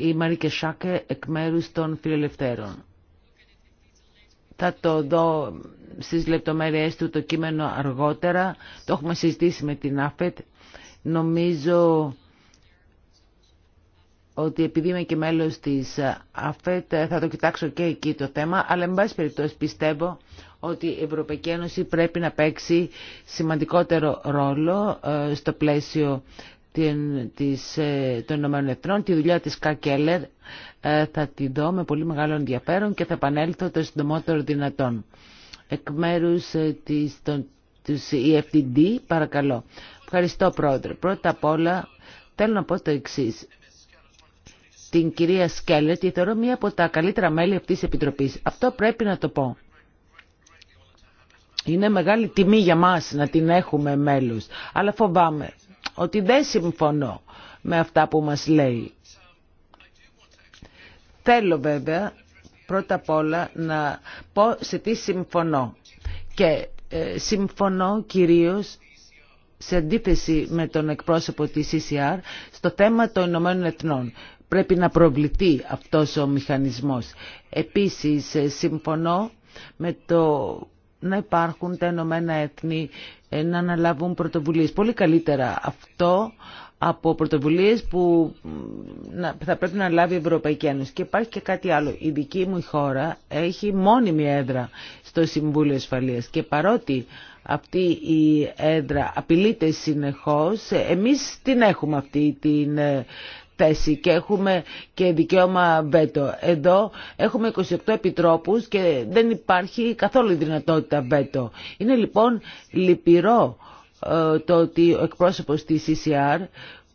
η Μαρίκε Σάκε εκ μέρους των φιλελευθέρων. Θα το δω στις λεπτομέρειές του το κείμενο αργότερα. Το έχουμε συζητήσει με την ΑΦΕΤ. Νομίζω ότι επειδή είμαι και μέλος της ΑΦΕΤ θα το κοιτάξω και εκεί το θέμα, αλλά εν πάση περιπτώσει πιστεύω ότι η Ευρωπαϊκή Ένωση πρέπει να παίξει σημαντικότερο ρόλο ε, στο πλαίσιο ε, των Ηνωμένων Εθνών, τη δουλειά της Κακέλερ ε, θα τη δω με πολύ μεγάλο ενδιαφέρον και θα επανέλθω το συντομότερο δυνατόν. Εκ μέρου ε, της, EFTD, παρακαλώ. Ευχαριστώ πρόεδρε. Πρώτα απ' όλα θέλω να πω το εξή. Την κυρία Σκέλετ τη θεωρώ μία από τα καλύτερα μέλη αυτή τη επιτροπή. Αυτό πρέπει να το πω. Είναι μεγάλη τιμή για μας να την έχουμε μέλους. Αλλά φοβάμαι ότι δεν συμφωνώ με αυτά που μας λέει. Θέλω βέβαια πρώτα απ' όλα να πω σε τι συμφωνώ. Και ε, συμφωνώ κυρίως σε αντίθεση με τον εκπρόσωπο της CCR στο θέμα των Ηνωμένων Εθνών. Πρέπει να προβληθεί αυτός ο μηχανισμός. Επίσης ε, συμφωνώ με το να υπάρχουν τα Ηνωμένα Έθνη ε, να αναλάβουν πρωτοβουλίες. Πολύ καλύτερα αυτό από πρωτοβουλίες που θα πρέπει να λάβει η Ευρωπαϊκή Ένωση. Και υπάρχει και κάτι άλλο. Η δική μου χώρα έχει μόνιμη έδρα στο Συμβούλιο Ασφαλείας και παρότι αυτή η έδρα απειλείται συνεχώς, εμείς την έχουμε αυτή την ε, θέση και έχουμε και δικαίωμα βέτο. Εδώ έχουμε 28 επιτρόπους και δεν υπάρχει καθόλου δυνατότητα βέτο. Είναι λοιπόν λυπηρό ε, το ότι ο εκπρόσωπος της CCR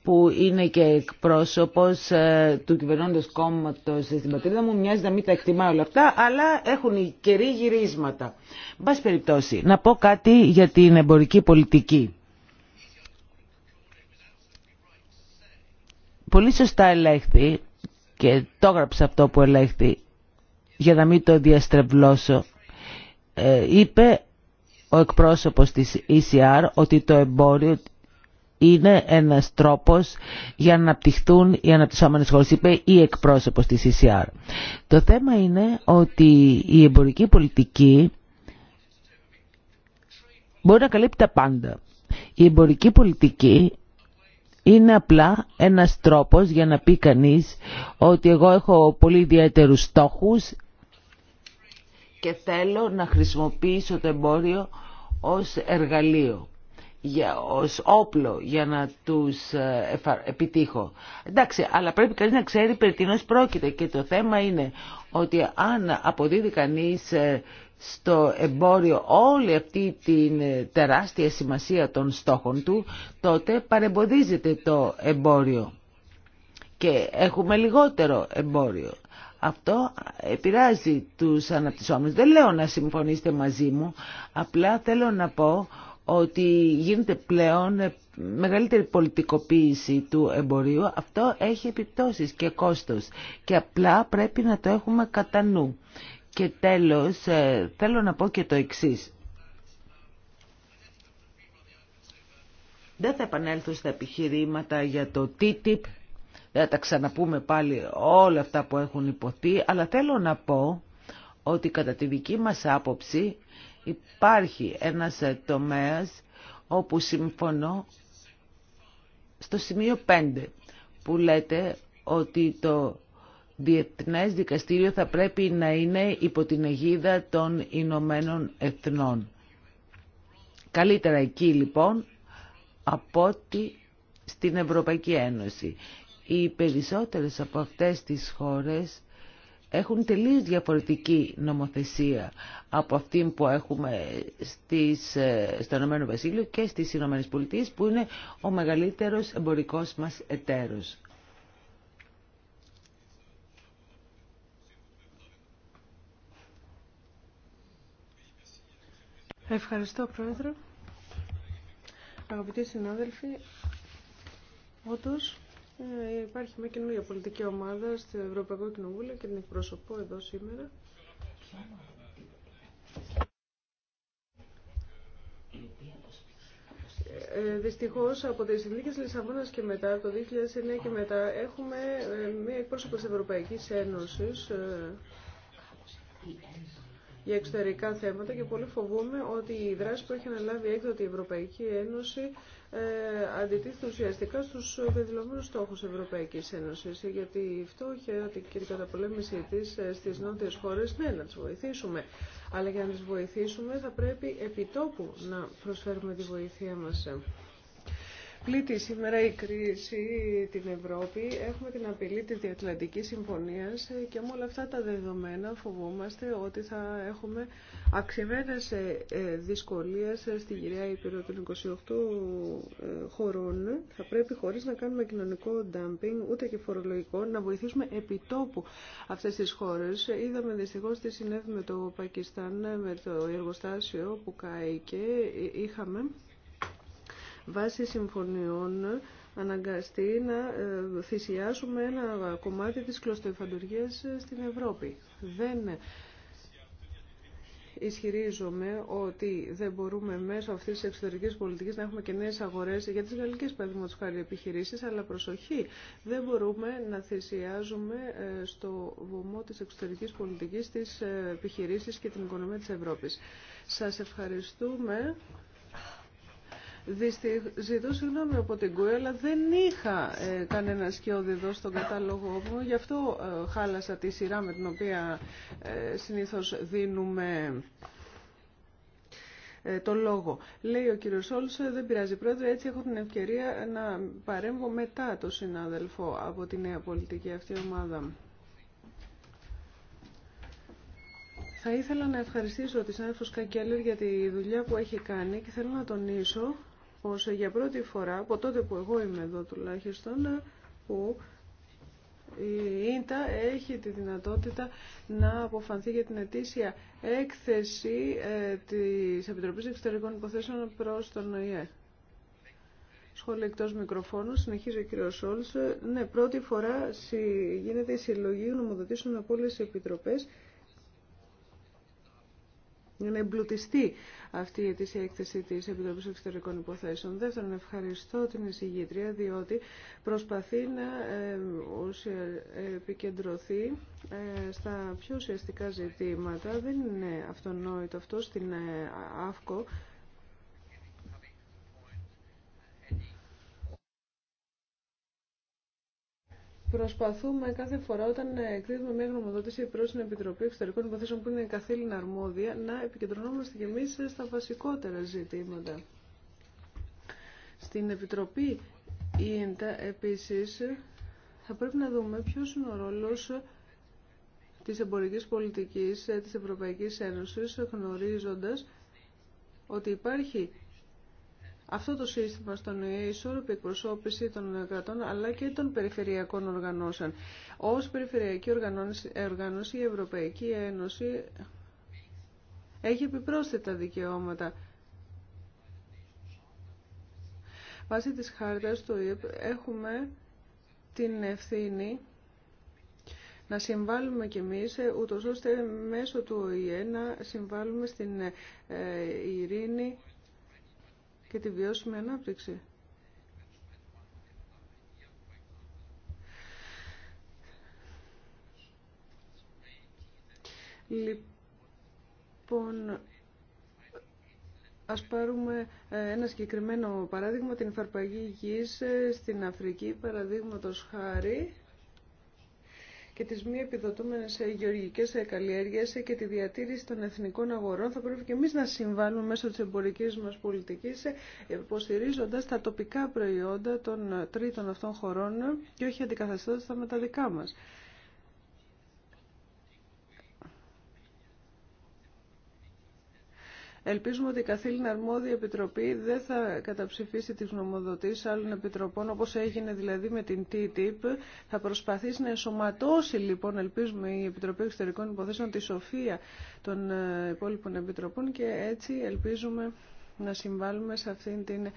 που είναι και εκπρόσωπος ε, του κυβερνώντος κόμματος στην πατρίδα μου μοιάζει να μην τα εκτιμά όλα αυτά αλλά έχουν οι καιροί γυρίσματα. Μπας περιπτώσει, να πω κάτι για την εμπορική πολιτική. Πολύ σωστά ελέγχθη και το έγραψα αυτό που ελέγχθη για να μην το διαστρεβλώσω. Ε, είπε ο εκπρόσωπος της ECR ότι το εμπόριο είναι ένας τρόπος για να αναπτυχθούν οι αναπτυσσόμενες χώρες, είπε η εκπρόσωπος της ECR. Το θέμα είναι ότι η εμπορική πολιτική μπορεί να καλύπτει τα πάντα. Η εμπορική πολιτική είναι απλά ένας τρόπος για να πει κανείς ότι εγώ έχω πολύ ιδιαίτερους στόχους και θέλω να χρησιμοποιήσω το εμπόριο ως εργαλείο, για, ως όπλο για να τους ε, επιτύχω. Εντάξει, αλλά πρέπει κανείς να ξέρει περί τίνος πρόκειται και το θέμα είναι ότι αν αποδίδει κανείς ε, στο εμπόριο όλη αυτή την ε, τεράστια σημασία των στόχων του, τότε παρεμποδίζεται το εμπόριο και έχουμε λιγότερο εμπόριο. Αυτό επηρεάζει τους αναπτυσσόμενους. Δεν λέω να συμφωνήσετε μαζί μου, απλά θέλω να πω ότι γίνεται πλέον μεγαλύτερη πολιτικοποίηση του εμπορίου. Αυτό έχει επιπτώσεις και κόστος και απλά πρέπει να το έχουμε κατά νου. Και τέλος ε, θέλω να πω και το εξής. Δεν θα επανέλθω στα επιχειρήματα για το TTIP δεν θα τα ξαναπούμε πάλι όλα αυτά που έχουν υποθεί, αλλά θέλω να πω ότι κατά τη δική μας άποψη υπάρχει ένας τομέας όπου συμφωνώ στο σημείο 5 που λέτε ότι το Διεθνές Δικαστήριο θα πρέπει να είναι υπό την αιγίδα των Ηνωμένων Εθνών. Καλύτερα εκεί λοιπόν από ότι στην Ευρωπαϊκή Ένωση. Οι περισσότερες από αυτές τις χώρες έχουν τελείως διαφορετική νομοθεσία από αυτή που έχουμε στις, ε, στο Ηνωμένο Βασίλειο και στις Ηνωμένε Πολιτείε, που είναι ο μεγαλύτερος εμπορικός μας εταίρος. Ευχαριστώ Πρόεδρε. Αγαπητοί συνάδελφοι, όντως ε, υπάρχει μια καινούργια πολιτική ομάδα στο Ευρωπαϊκό Κοινοβούλιο και την εκπροσωπώ εδώ σήμερα. Ε, ε δυστυχώς από τις συνθήκες Λισαβόνα και μετά, το 2009 και μετά, έχουμε ε, μία εκπρόσωπο της Ευρωπαϊκής Ένωσης. Ε, για εξωτερικά θέματα και πολύ φοβούμαι ότι η δράση που έχει αναλάβει έκδοτη η Ευρωπαϊκή Ένωση ε, αντιτίθεται ουσιαστικά στους δεδηλωμένους στόχους Ευρωπαϊκής Ένωσης γιατί η φτώχεια και η καταπολέμησή της ε, στις νότιες χώρες ναι να τις βοηθήσουμε αλλά για να τις βοηθήσουμε θα πρέπει επιτόπου να προσφέρουμε τη βοήθειά μας πλήττει σήμερα η κρίση την Ευρώπη. Έχουμε την απειλή της Διατλαντικής Συμφωνίας και με όλα αυτά τα δεδομένα φοβόμαστε ότι θα έχουμε αξιμένες ε, ε, δυσκολίες στη γυρία Ήπειρο των 28 ε, χωρών. Θα πρέπει χωρίς να κάνουμε κοινωνικό ντάμπινγκ ούτε και φορολογικό να βοηθήσουμε επιτόπου αυτές τις χώρες. Είδαμε δυστυχώς τι συνέβη με το Πακιστάν, με το εργοστάσιο που κάηκε. Είχαμε βάσει συμφωνιών αναγκαστεί να ε, θυσιάσουμε ένα κομμάτι της κλωστοϊφαντουργίας ε, στην Ευρώπη. Δεν ισχυρίζομαι ότι δεν μπορούμε μέσω αυτής της εξωτερικής πολιτικής να έχουμε και νέες αγορές για τις γαλλικές παραδείγματος χάρη επιχειρήσεις, αλλά προσοχή, δεν μπορούμε να θυσιάζουμε ε, στο βωμό της εξωτερικής πολιτικής τις επιχειρήσεις και την οικονομία της Ευρώπης. Σας ευχαριστούμε. Ζητώ συγγνώμη από την αλλά δεν είχα ε, κανένα σκιώδη εδώ στον κατάλογο μου, γι' αυτό ε, χάλασα τη σειρά με την οποία ε, συνήθως δίνουμε ε, το λόγο. Λέει ο κύριος Σόλς, δεν πειράζει πρόεδρε, έτσι έχω την ευκαιρία να παρέμβω μετά το συνάδελφο από τη νέα πολιτική αυτή ομάδα. Θα ήθελα να ευχαριστήσω τη συνάδελφος Κακέλερ για τη δουλειά που έχει κάνει και θέλω να τονίσω πως για πρώτη φορά, από τότε που εγώ είμαι εδώ τουλάχιστον, που η ΙΝΤΑ έχει τη δυνατότητα να αποφανθεί για την ετήσια έκθεση ε, της Επιτροπής Εξωτερικών Υποθέσεων προς τον ΟΗΕ. Σχόλιο εκτό μικροφόνου. Συνεχίζει ο κύριο Σόλτ. Ναι, πρώτη φορά γίνεται η συλλογή νομοδοτήσεων από όλε τι επιτροπέ για να εμπλουτιστεί αυτή η ετήσια έκθεση της Επιτροπής Εξωτερικών Υποθέσεων. Δεύτερον, ευχαριστώ την εισηγήτρια, διότι προσπαθεί να ε, επικεντρωθεί ε, στα πιο ουσιαστικά ζητήματα. Δεν είναι αυτονόητο αυτό στην ε, ΑΦΚΟ Προσπαθούμε κάθε φορά όταν ε, εκδίδουμε μια γνωμοδότηση προ την Επιτροπή Εξωτερικών Υποθέσεων που είναι καθήλυνα αρμόδια να επικεντρωνόμαστε κι εμεί στα βασικότερα ζητήματα. Στην Επιτροπή ΙΕΝΤΑ επίση θα πρέπει να δούμε ποιο είναι ο ρόλο τη εμπορική πολιτική ε, τη Ευρωπαϊκή Ένωση γνωρίζοντα ότι υπάρχει αυτό το σύστημα στον ΟΗΕ ισόρροπη εκπροσώπηση των κρατών αλλά και των περιφερειακών οργανώσεων. Ως περιφερειακή οργανώση η Ευρωπαϊκή Ένωση έχει επιπρόσθετα δικαιώματα. Βάσει της χάρτας του ΙΕΠ έχουμε την ευθύνη να συμβάλλουμε κι εμείς, ε, ούτως ώστε μέσω του ΟΗΕ να συμβάλλουμε στην ε, ειρήνη και τη βιώσιμη ανάπτυξη. Λοιπόν, ας πάρουμε ε, ένα συγκεκριμένο παράδειγμα, την υφαρπαγή γης ε, στην Αφρική, παραδείγματος χάρη και τις μη επιδοτούμενες ε, γεωργικές ε, καλλιέργειες ε, και τη διατήρηση των εθνικών αγορών θα πρέπει και εμείς να συμβάλλουμε μέσω της εμπορικής μας πολιτικής υποστηρίζοντας τα τοπικά προϊόντα των τρίτων αυτών χωρών και όχι αντικαθιστώντας τα με τα δικά μας. Ελπίζουμε ότι η καθήλυνα αρμόδια επιτροπή δεν θα καταψηφίσει τις γνωμοδοτήσεις άλλων επιτροπών όπως έγινε δηλαδή με την TTIP. Θα προσπαθήσει να ενσωματώσει λοιπόν ελπίζουμε η Επιτροπή Εξωτερικών Υποθέσεων τη σοφία των ε, υπόλοιπων επιτροπών και έτσι ελπίζουμε να συμβάλλουμε σε αυτήν την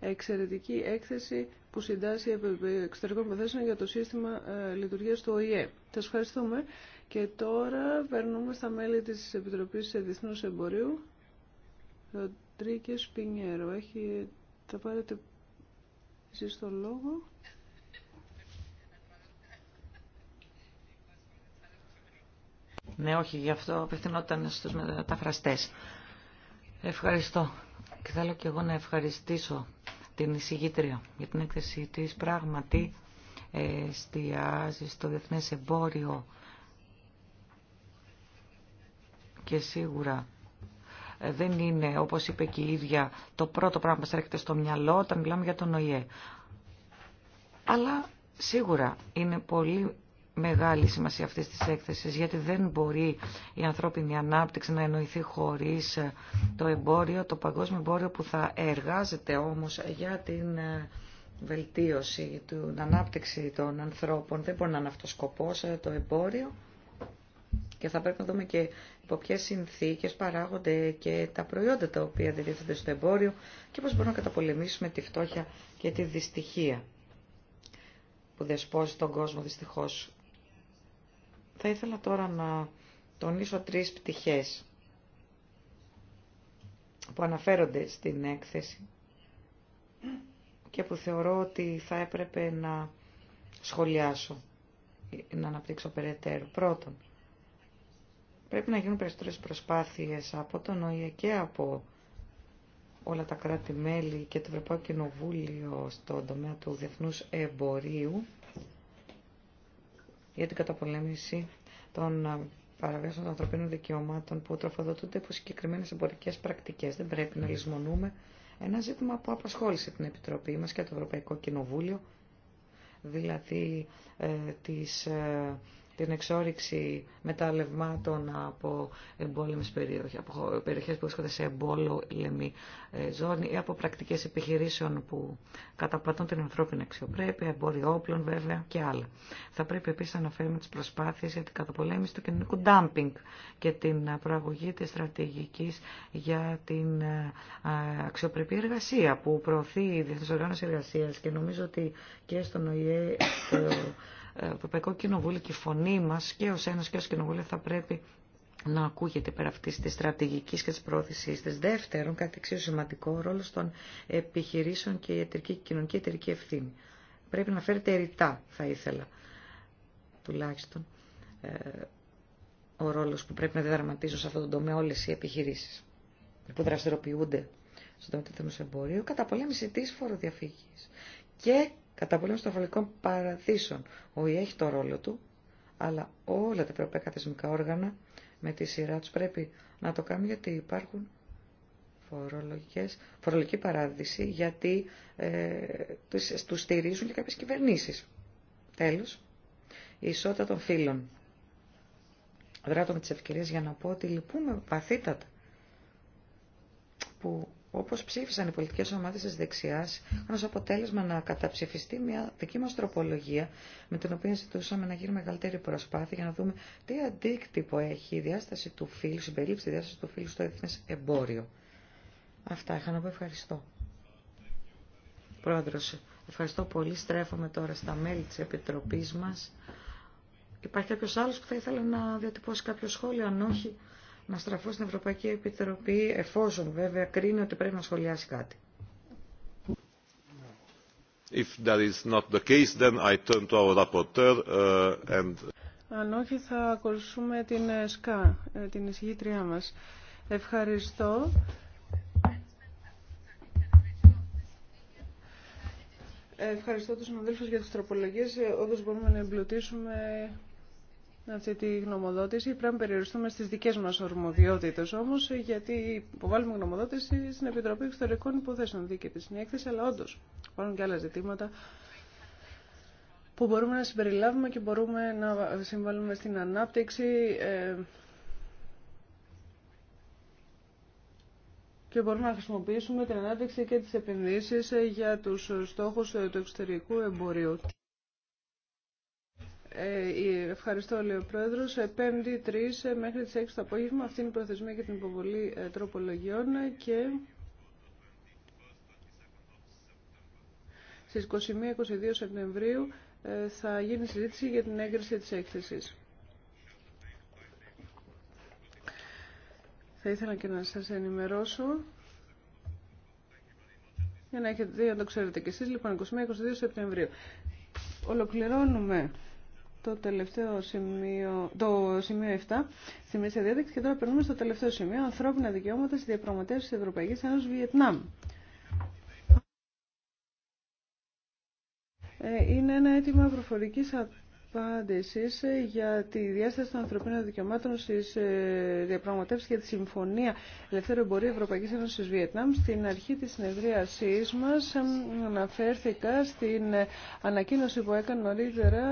εξαιρετική έκθεση που συντάσσει η Εξωτερικών Υποθέσεων για το σύστημα ε, λειτουργίας του ΟΗΕ. Σας ευχαριστούμε. Και τώρα περνούμε στα μέλη της Επιτροπής Διεθνούς Εμπορίου. Ροντρίκε Πινιέρο. Έχει... Θα πάρετε εσεί το λόγο. Ναι, όχι, γι' αυτό απευθυνόταν στου μεταφραστέ. Ευχαριστώ. Και θέλω και εγώ να ευχαριστήσω την εισηγήτρια για την έκθεση της. Πράγματι, εστιάζει στο διεθνέ εμπόριο και σίγουρα ε, δεν είναι, όπως είπε και η ίδια, το πρώτο πράγμα που μας έρχεται στο μυαλό όταν μιλάμε για τον ΟΗΕ. Αλλά σίγουρα είναι πολύ μεγάλη σημασία αυτή τη έκθεση γιατί δεν μπορεί η ανθρώπινη ανάπτυξη να εννοηθεί χωρίς ε, το εμπόριο, το παγκόσμιο εμπόριο που θα εργάζεται όμως για την ε, βελτίωση, την ανάπτυξη των ανθρώπων. Δεν μπορεί να είναι αυτό σκοπό το εμπόριο. Και θα πρέπει να δούμε και υπό ποιε συνθήκες παράγονται και τα προϊόντα τα οποία διατίθενται στο εμπόριο και πώς μπορούμε να καταπολεμήσουμε τη φτώχεια και τη δυστυχία που δεσπόζει τον κόσμο δυστυχώς. Θα ήθελα τώρα να τονίσω τρεις πτυχές που αναφέρονται στην έκθεση και που θεωρώ ότι θα έπρεπε να σχολιάσω, να αναπτύξω περαιτέρω. Πρώτον, Πρέπει να γίνουν περισσότερες προσπάθειες από τον ΟΗΕ και από όλα τα κράτη-μέλη και το Ευρωπαϊκό Κοινοβούλιο στον τομέα του διεθνούς εμπορίου για την καταπολέμηση των παραβίασεων των ανθρωπίνων δικαιωμάτων που τροφοδοτούνται από συγκεκριμένε εμπορικέ πρακτικέ. Δεν πρέπει να λησμονούμε ένα ζήτημα που απασχόλησε την Επιτροπή μα και το Ευρωπαϊκό Κοινοβούλιο, δηλαδή ε, τις, ε, την εξόριξη μεταλλευμάτων από εμπόλεμες περιοχές, από περιοχές που βρίσκονται σε εμπόλεμη ζώνη ή από πρακτικές επιχειρήσεων που καταπατούν την ανθρώπινη αξιοπρέπεια, εμπόριο όπλων βέβαια και άλλα. Θα πρέπει επίσης να αναφέρουμε τις προσπάθειες για την καταπολέμηση του κοινωνικού ντάμπινγκ και την προαγωγή της στρατηγικής για την ε, αξιοπρεπή εργασία που προωθεί η Διεθνής Οργάνωση Εργασίας και νομίζω ότι και στον ΟΗΕ Ευρωπαϊκό Κοινοβούλιο και η φωνή μας και ως ένας και ως Κοινοβούλιο θα πρέπει να ακούγεται πέρα αυτή τη στρατηγική και τη πρόθεση τη. Δεύτερον, κάτι εξίσου σημαντικό, ο ρόλο των επιχειρήσεων και η εταιρική, κοινωνική εταιρική ευθύνη. Πρέπει να φέρετε ρητά, θα ήθελα τουλάχιστον, ε, ο ρόλο που πρέπει να διδραματίζουν σε αυτόν τον τομέα όλε οι επιχειρήσει που δραστηριοποιούνται στον τομέα του εμπορίου, κατά πολέμηση τη φοροδιαφυγή και καταπολέμηση των φορολογικών παραδείσων. Ο ΙΕ έχει το ρόλο του, αλλά όλα τα ευρωπαϊκά θεσμικά όργανα με τη σειρά τους πρέπει να το κάνουν γιατί υπάρχουν φορολογικές, φορολογική παράδειση, γιατί ε, τους, τους στηρίζουν και κάποιες κυβερνήσεις. Τέλος, η ισότητα των φύλων. Δράτω με τις ευκαιρίες για να πω ότι λυπούμε βαθύτατα όπως ψήφισαν οι πολιτικές ομάδες της δεξιάς, ως αποτέλεσμα να καταψηφιστεί μια δική μας τροπολογία, με την οποία ζητούσαμε να γίνουμε μεγαλύτερη προσπάθεια για να δούμε τι αντίκτυπο έχει η διάσταση του φίλου, συμπερίληψη τη διάσταση του φίλου στο έθνες εμπόριο. Αυτά είχα να πω ευχαριστώ. Πρόεδρος, ευχαριστώ πολύ. Στρέφομαι τώρα στα μέλη της Επιτροπής μας. Υπάρχει κάποιος άλλος που θα ήθελε να διατυπώσει κάποιο σχόλιο, αν όχι να στραφώ στην Ευρωπαϊκή Επιτροπή εφόσον βέβαια κρίνει ότι πρέπει να σχολιάσει κάτι. Αν όχι θα ακολουθούμε την ε, ΣΚΑ, ε, την εισηγήτριά μας. Ευχαριστώ. Ε, ευχαριστώ τους συναδέλφους για τις τροπολογίες. Όντως μπορούμε να εμπλουτίσουμε αυτή τη γνωμοδότηση. Πρέπει να περιοριστούμε στι δικέ μα ορμοδιότητε όμω, γιατί υποβάλλουμε γνωμοδότηση στην Επιτροπή Εξωτερικών Υποθέσεων Δίκαιη τη έκθεση, αλλά όντω. υπάρχουν και άλλα ζητήματα που μπορούμε να συμπεριλάβουμε και μπορούμε να συμβάλλουμε στην ανάπτυξη ε, και μπορούμε να χρησιμοποιήσουμε την ανάπτυξη και τις επενδύσεις ε, για τους στόχους ε, του εξωτερικού εμπορίου. Ε, ευχαριστώ, λέει ο Πρόεδρο. 3 ε, μέχρι τι 6 το απόγευμα. Αυτή είναι η προθεσμία για την υποβολή ε, τροπολογιών και στις 21-22 Σεπτεμβρίου θα γίνει συζήτηση για την έγκριση της έκθεσης. Θα ήθελα και να σας ενημερώσω για να, έχετε, δει να το ξέρετε κι εσείς, λοιπόν, 21-22 Σεπτεμβρίου. Ολοκληρώνουμε το τελευταίο σημείο, το σημείο 7 στη Μέση Διάταξη και τώρα περνούμε στο τελευταίο σημείο ανθρώπινα δικαιώματα στη διαπραγματεύση της Ευρωπαϊκής Ένωσης Βιετνάμ. Ε, είναι ένα αίτημα προφορικής απάντησης για τη διάσταση των ανθρωπίνων δικαιωμάτων στις ε, διαπραγματεύσεις για τη Συμφωνία Ελευθέρω Εμπορία Ευρωπαϊκής Ένωσης Βιετνάμ. Στην αρχή της συνεδρίασής μας ε, αναφέρθηκα στην ε, ανακοίνωση που έκανε νωρίτερα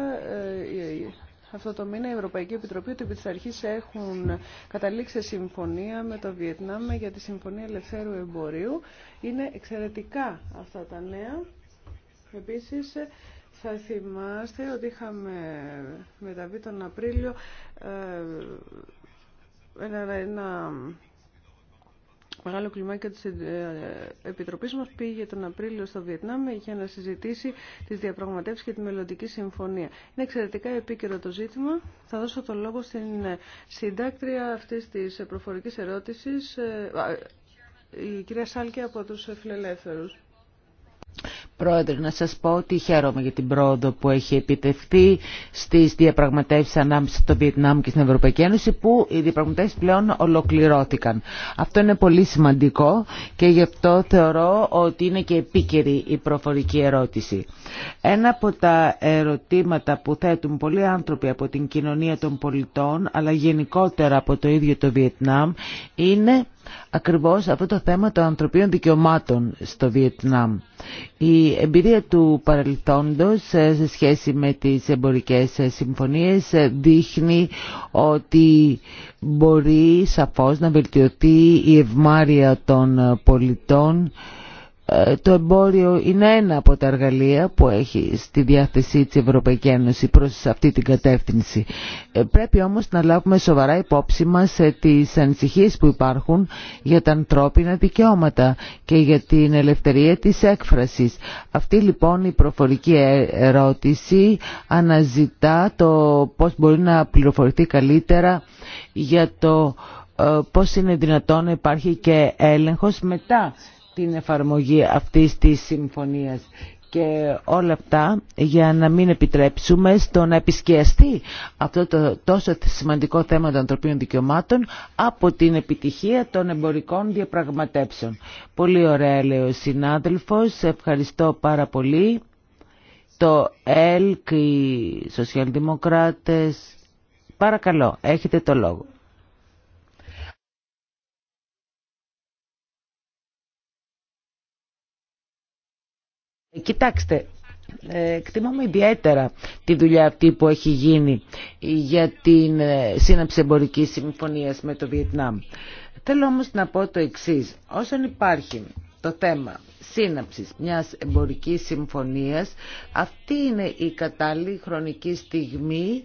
αυτό το μήνα η Ευρωπαϊκή Επιτροπή ότι επί της αρχής έχουν καταλήξει συμφωνία με το Βιετνάμ για τη Συμφωνία Ελευθέρου Εμπορίου. Είναι εξαιρετικά αυτά τα νέα. Επίσης, θα θυμάστε ότι είχαμε μεταβεί τον Απρίλιο ε, ένα, ένα μεγάλο κλιμάκι της ε, Επιτροπής μας πήγε τον Απρίλιο στο Βιετνάμ για να συζητήσει τις διαπραγματεύσεις και τη μελλοντική συμφωνία. Είναι εξαιρετικά επίκαιρο το ζήτημα. Θα δώσω το λόγο στην συντάκτρια αυτής της προφορικής ερώτησης, ε, η κυρία Σάλκη από τους φιλελεύθερους. Πρόεδρε, να σας πω ότι χαίρομαι για την πρόοδο που έχει επιτευχθεί στις διαπραγματεύσεις ανάμεσα στο Βιετνάμ και στην Ευρωπαϊκή Ένωση που οι διαπραγματεύσεις πλέον ολοκληρώθηκαν. Αυτό είναι πολύ σημαντικό και γι' αυτό θεωρώ ότι είναι και επίκαιρη η προφορική ερώτηση. Ένα από τα ερωτήματα που θέτουν πολλοί άνθρωποι από την κοινωνία των πολιτών αλλά γενικότερα από το ίδιο το Βιετνάμ είναι ακριβώς αυτό το θέμα των ανθρωπίνων δικαιωμάτων στο Βιετνάμ. Η εμπειρία του παρελθόντος ε, σε σχέση με τις εμπορικές ε, συμφωνίες ε, δείχνει ότι μπορεί σαφώς να βελτιωθεί η ευμάρεια των πολιτών ε, το εμπόριο είναι ένα από τα εργαλεία που έχει στη διάθεσή της Ευρωπαϊκή Ένωση προς αυτή την κατεύθυνση. Ε, πρέπει όμως να λάβουμε σοβαρά υπόψη μας ε, τις ανησυχίες που υπάρχουν για τα ανθρώπινα δικαιώματα και για την ελευθερία της έκφρασης. Αυτή λοιπόν η προφορική ερώτηση αναζητά το πώς μπορεί να πληροφορηθεί καλύτερα για το πώς είναι δυνατόν να υπάρχει και έλεγχος μετά την εφαρμογή αυτής της συμφωνίας και όλα αυτά για να μην επιτρέψουμε στο να επισκιαστεί αυτό το τόσο σημαντικό θέμα των ανθρωπίνων δικαιωμάτων από την επιτυχία των εμπορικών διαπραγματεύσεων. Πολύ ωραία λέει ο συνάδελφος, ευχαριστώ πάρα πολύ. Το ΕΛΚ, οι σοσιαλδημοκράτες, παρακαλώ, έχετε το λόγο. Κοιτάξτε, ε, εκτιμάμε ιδιαίτερα τη δουλειά αυτή που έχει γίνει για την ε, σύναψη εμπορική συμφωνίας με το Βιετνάμ. Θέλω όμως να πω το εξής. Όσον υπάρχει το θέμα σύναψης μιας εμπορικής συμφωνίας, αυτή είναι η κατάλληλη χρονική στιγμή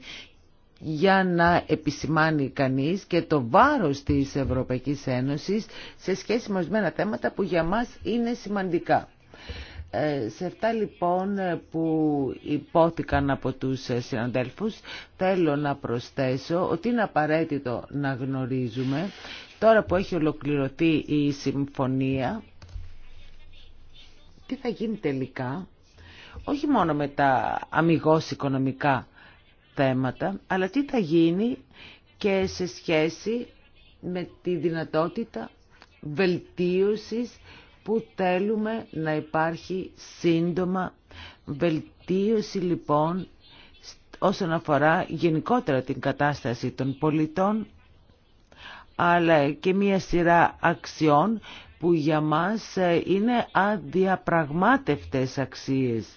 για να επισημάνει κανείς και το βάρος της Ευρωπαϊκής Ένωσης σε σχέση με ορισμένα θέματα που για μας είναι σημαντικά. Ε, σε αυτά λοιπόν ε, που υπόθηκαν από τους ε, συναντέλφους θέλω να προσθέσω ότι είναι απαραίτητο να γνωρίζουμε τώρα που έχει ολοκληρωθεί η συμφωνία τι θα γίνει τελικά όχι μόνο με τα αμυγός οικονομικά θέματα αλλά τι θα γίνει και σε σχέση με τη δυνατότητα βελτίωσης που θέλουμε να υπάρχει σύντομα βελτίωση λοιπόν όσον αφορά γενικότερα την κατάσταση των πολιτών αλλά και μια σειρά αξιών που για μας ε, είναι αδιαπραγμάτευτες αξίες.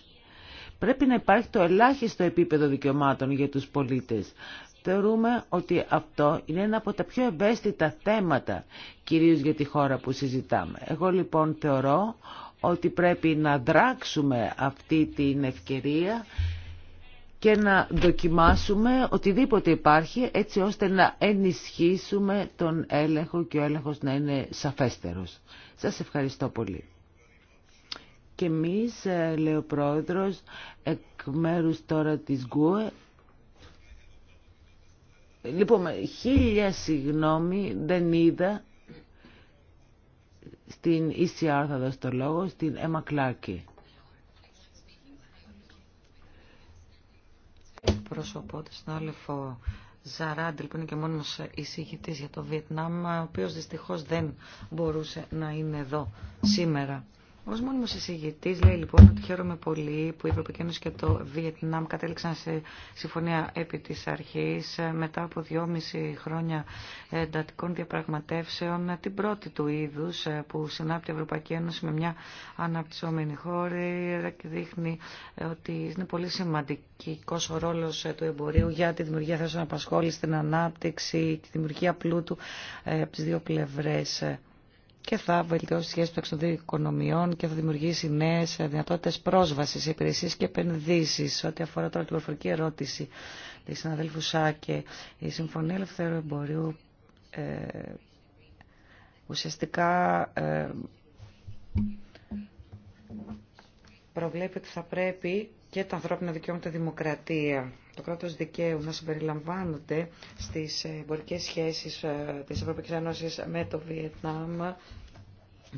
Πρέπει να υπάρχει το ελάχιστο επίπεδο δικαιωμάτων για τους πολίτες. Θεωρούμε ότι αυτό είναι ένα από τα πιο ευαίσθητα θέματα, κυρίως για τη χώρα που συζητάμε. Εγώ λοιπόν θεωρώ ότι πρέπει να δράξουμε αυτή την ευκαιρία και να δοκιμάσουμε οτιδήποτε υπάρχει έτσι ώστε να ενισχύσουμε τον έλεγχο και ο έλεγχος να είναι σαφέστερος. Σας ευχαριστώ πολύ. Και εμείς, ε, λέει ο Πρόεδρος, εκ μέρους τώρα της ΓΚΟΕ Λοιπόν, χίλια συγγνώμη, δεν είδα. Στην ECR θα δώσω το λόγο, στην Emma Clarke. Προσωπώ τη συνάδελφο λοιπόν είναι και μόνος εισηγητή για το Βιετνάμ, ο οποίος δυστυχώς δεν μπορούσε να είναι εδώ σήμερα. Ως μόνιμος εισηγητής λέει λοιπόν ότι χαίρομαι πολύ που η Ευρωπαϊκή Ένωση και το Βιετνάμ κατέληξαν σε συμφωνία επί της αρχής ε, μετά από δυόμιση χρόνια εντατικών διαπραγματεύσεων ε, την πρώτη του είδους ε, που συνάπτει η Ευρωπαϊκή Ένωση με μια αναπτυσσόμενη χώρα και δείχνει ότι είναι πολύ σημαντικό ο ρόλο του εμπορίου για τη δημιουργία θέσεων απασχόληση, την ανάπτυξη, τη δημιουργία πλούτου από τι δύο πλευρέ και θα βελτιώσει σχέση των οικονομιών και θα δημιουργήσει νέε δυνατότητε πρόσβαση σε υπηρεσίε και επενδύσει. Ό,τι αφορά τώρα την προφορική ερώτηση τη συναδέλφου Σάκε, η Συμφωνία Ελευθέρου Εμπορίου ε, ουσιαστικά ε, προβλέπει ότι θα πρέπει και τα ανθρώπινα δικαιώματα δημοκρατία, το κράτος δικαίου να συμπεριλαμβάνονται στις εμπορικές σχέσεις ε, της Ευρωπαϊκής Ένωσης με το Βιετνάμ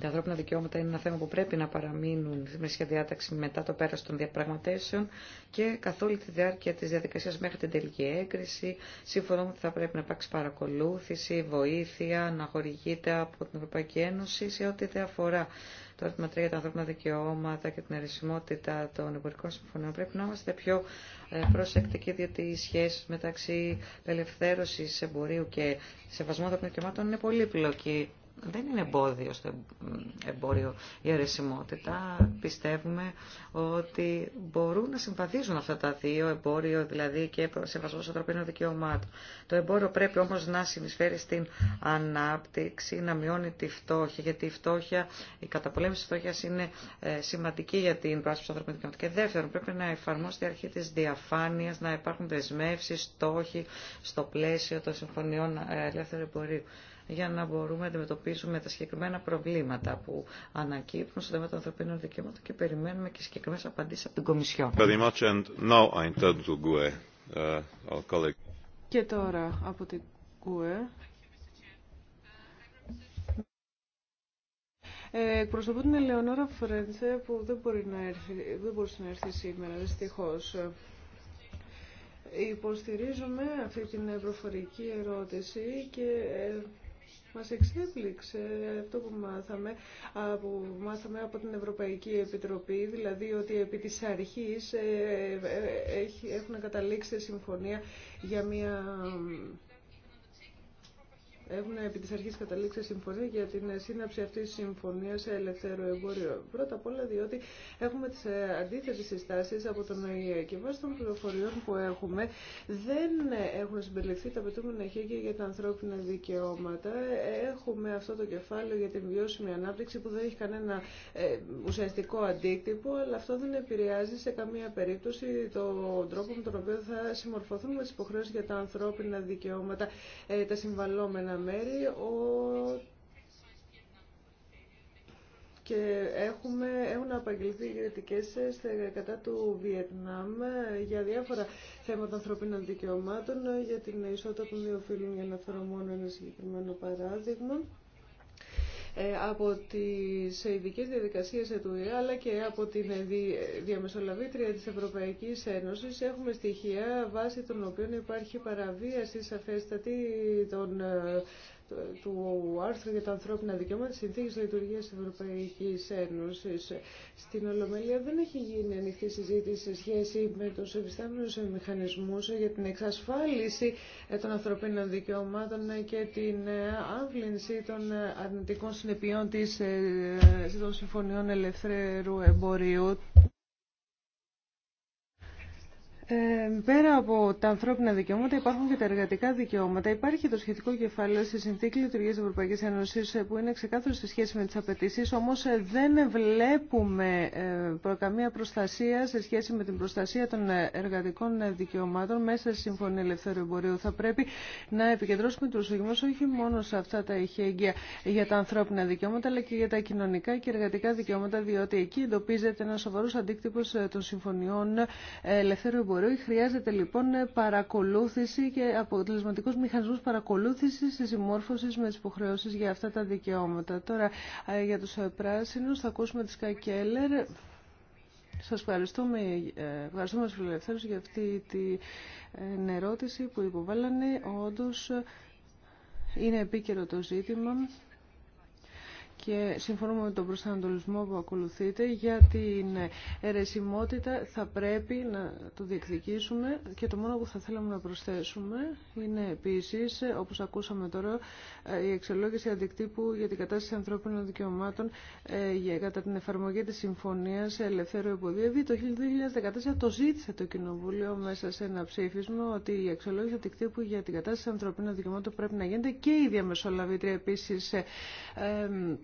τα ανθρώπινα δικαιώματα είναι ένα θέμα που πρέπει να παραμείνουν στη σχεδιάταξη μετά το πέρας των διαπραγματεύσεων και καθ' όλη τη διάρκεια της διαδικασίας μέχρι την τελική έγκριση. σύμφωνα ότι θα πρέπει να υπάρξει παρακολούθηση, βοήθεια, να χορηγείται από την Ευρωπαϊκή Ένωση σε ό,τι δεν αφορά το άρθρο 3 για τα ανθρώπινα δικαιώματα και την αρισιμότητα των εμπορικών συμφωνιών. Πρέπει να είμαστε πιο ε, προσεκτικοί, διότι οι σχέσει μεταξύ απελευθέρωση εμπορίου και σεβασμού των δικαιωμάτων είναι πολύπλοκοι δεν είναι εμπόδιο στο εμπόριο η αιρεσιμότητα. Πιστεύουμε ότι μπορούν να συμβαδίζουν αυτά τα δύο, εμπόριο δηλαδή και σεβασμό ανθρωπίνων δικαιωμάτων. Το εμπόριο πρέπει όμω να συνεισφέρει στην ανάπτυξη, να μειώνει τη φτώχεια, γιατί η φτώχεια, η καταπολέμηση τη φτώχεια είναι ε, σημαντική για την πράσινη ανθρωπίνων δικαιωμάτων. Και δεύτερον, πρέπει να εφαρμόσει τη αρχή τη διαφάνεια, να υπάρχουν δεσμεύσει, στόχοι στο πλαίσιο των συμφωνιών ε, ελεύθερου εμπορίου για να μπορούμε να αντιμετωπίσουμε τα συγκεκριμένα προβλήματα που ανακύπτουν στο θέμα των ανθρωπίνων δικαιωμάτων και περιμένουμε και συγκεκριμένε απαντήσει από την Κομισιόν. Uh, και τώρα από την ΚΟΕ. Ε, εκπροσωπώ την Ελεονόρα Φρέντσε που δεν, μπορεί να έρθει, δεν μπορούσε να έρθει σήμερα, δυστυχώς. Υποστηρίζουμε αυτή την προφορική ερώτηση και ε, μας εξέπληξε αυτό που μάθαμε από, μάθαμε από την Ευρωπαϊκή Επιτροπή, δηλαδή ότι επί της αρχής ε, ε, ε, έχουν καταλήξει συμφωνία για μια έχουν επί της αρχής καταλήξει συμφωνία για την σύναψη αυτής της συμφωνίας σε ελευθερό εμπόριο. Πρώτα απ' όλα διότι έχουμε τις ε, αντίθετες συστάσεις από τον ΟΗΕ και βάσει των πληροφοριών που έχουμε δεν έχουν συμπεριληφθεί τα πετούμενα χέρια για τα ανθρώπινα δικαιώματα. Έχουμε αυτό το κεφάλαιο για την βιώσιμη ανάπτυξη που δεν έχει κανένα ε, ουσιαστικό αντίκτυπο, αλλά αυτό δεν επηρεάζει σε καμία περίπτωση τον τρόπο με τον οποίο θα συμμορφωθούν με τις υποχρεώσεις για τα ανθρώπινα δικαιώματα, ε, τα συμβαλόμενα μέρη ο... και έχουμε, έχουν απαγγελθεί κριτικέ κατά του Βιετνάμ για διάφορα θέματα ανθρωπίνων δικαιωμάτων, για την ισότητα των δύο φίλων για να φέρω μόνο ένα συγκεκριμένο παράδειγμα. Ε, από τις ειδικέ διαδικασίες του ΕΕ αλλά και από την διαμεσολαβήτρια της Ευρωπαϊκής Ένωσης έχουμε στοιχεία βάσει των οποίων υπάρχει παραβίαση σαφέστατη των ε, του άρθρου για τα ανθρώπινα δικαιώματα της Συνθήκης Λειτουργίας της Ευρωπαϊκής Ένωσης. Στην Ολομελία δεν έχει γίνει ανοιχτή συζήτηση σε σχέση με τους εφιστάμενους μηχανισμούς για την εξασφάλιση των ανθρωπίνων δικαιωμάτων και την άμβλυνση των αρνητικών συνεπειών της, ε, των συμφωνιών ελευθερού εμπορίου. Ε, πέρα από τα ανθρώπινα δικαιώματα υπάρχουν και τα εργατικά δικαιώματα. Υπάρχει το σχετικό κεφάλαιο στη Συνθήκη Λειτουργία τη Ευρωπαϊκή Ένωση ε, που είναι ξεκάθαρο σε σχέση με τι απαιτήσει, όμω ε, δεν βλέπουμε ε, καμία προστασία σε σχέση με την προστασία των εργατικών δικαιωμάτων μέσα στη Συμφωνία Ελευθέρου Εμπορίου. Θα πρέπει να επικεντρώσουμε του οδηγού όχι μόνο σε αυτά τα ηχέγγυα για τα ανθρώπινα δικαιώματα, αλλά και για τα κοινωνικά και εργατικά δικαιώματα, διότι εκεί εντοπίζεται ένα σοβαρό αντίκτυπο των συμφωνιών ελευθέρου εμπορίου. Χρειάζεται λοιπόν παρακολούθηση και αποτελεσματικό μηχανισμό παρακολούθηση τη συμμόρφωση με τι υποχρεώσει για αυτά τα δικαιώματα. Τώρα ε, για του ε, πράσινου θα ακούσουμε τη Σκά Κέλλερ. Σα ευχαριστούμε, ε, ευχαριστούμε του φιλελευθέρου για αυτή την ερώτηση που υποβάλλανε. Όντω είναι επίκαιρο το ζήτημα και συμφωνούμε με τον προσανατολισμό που ακολουθείτε για την αιρεσιμότητα θα πρέπει να το διεκδικήσουμε και το μόνο που θα θέλαμε να προσθέσουμε είναι επίσης, όπως ακούσαμε τώρα, η εξολόγηση αντικτύπου για την κατάσταση ανθρώπινων δικαιωμάτων ε, κατά την εφαρμογή της Συμφωνίας ελευθέρω Εμποδίευη. Το 2014 το ζήτησε το Κοινοβούλιο μέσα σε ένα ψήφισμα ότι η εξολόγηση αντικτύπου για την κατάσταση ανθρωπίνων δικαιωμάτων πρέπει να γίνεται και η διαμεσολαβήτρια επίσης ε, ε,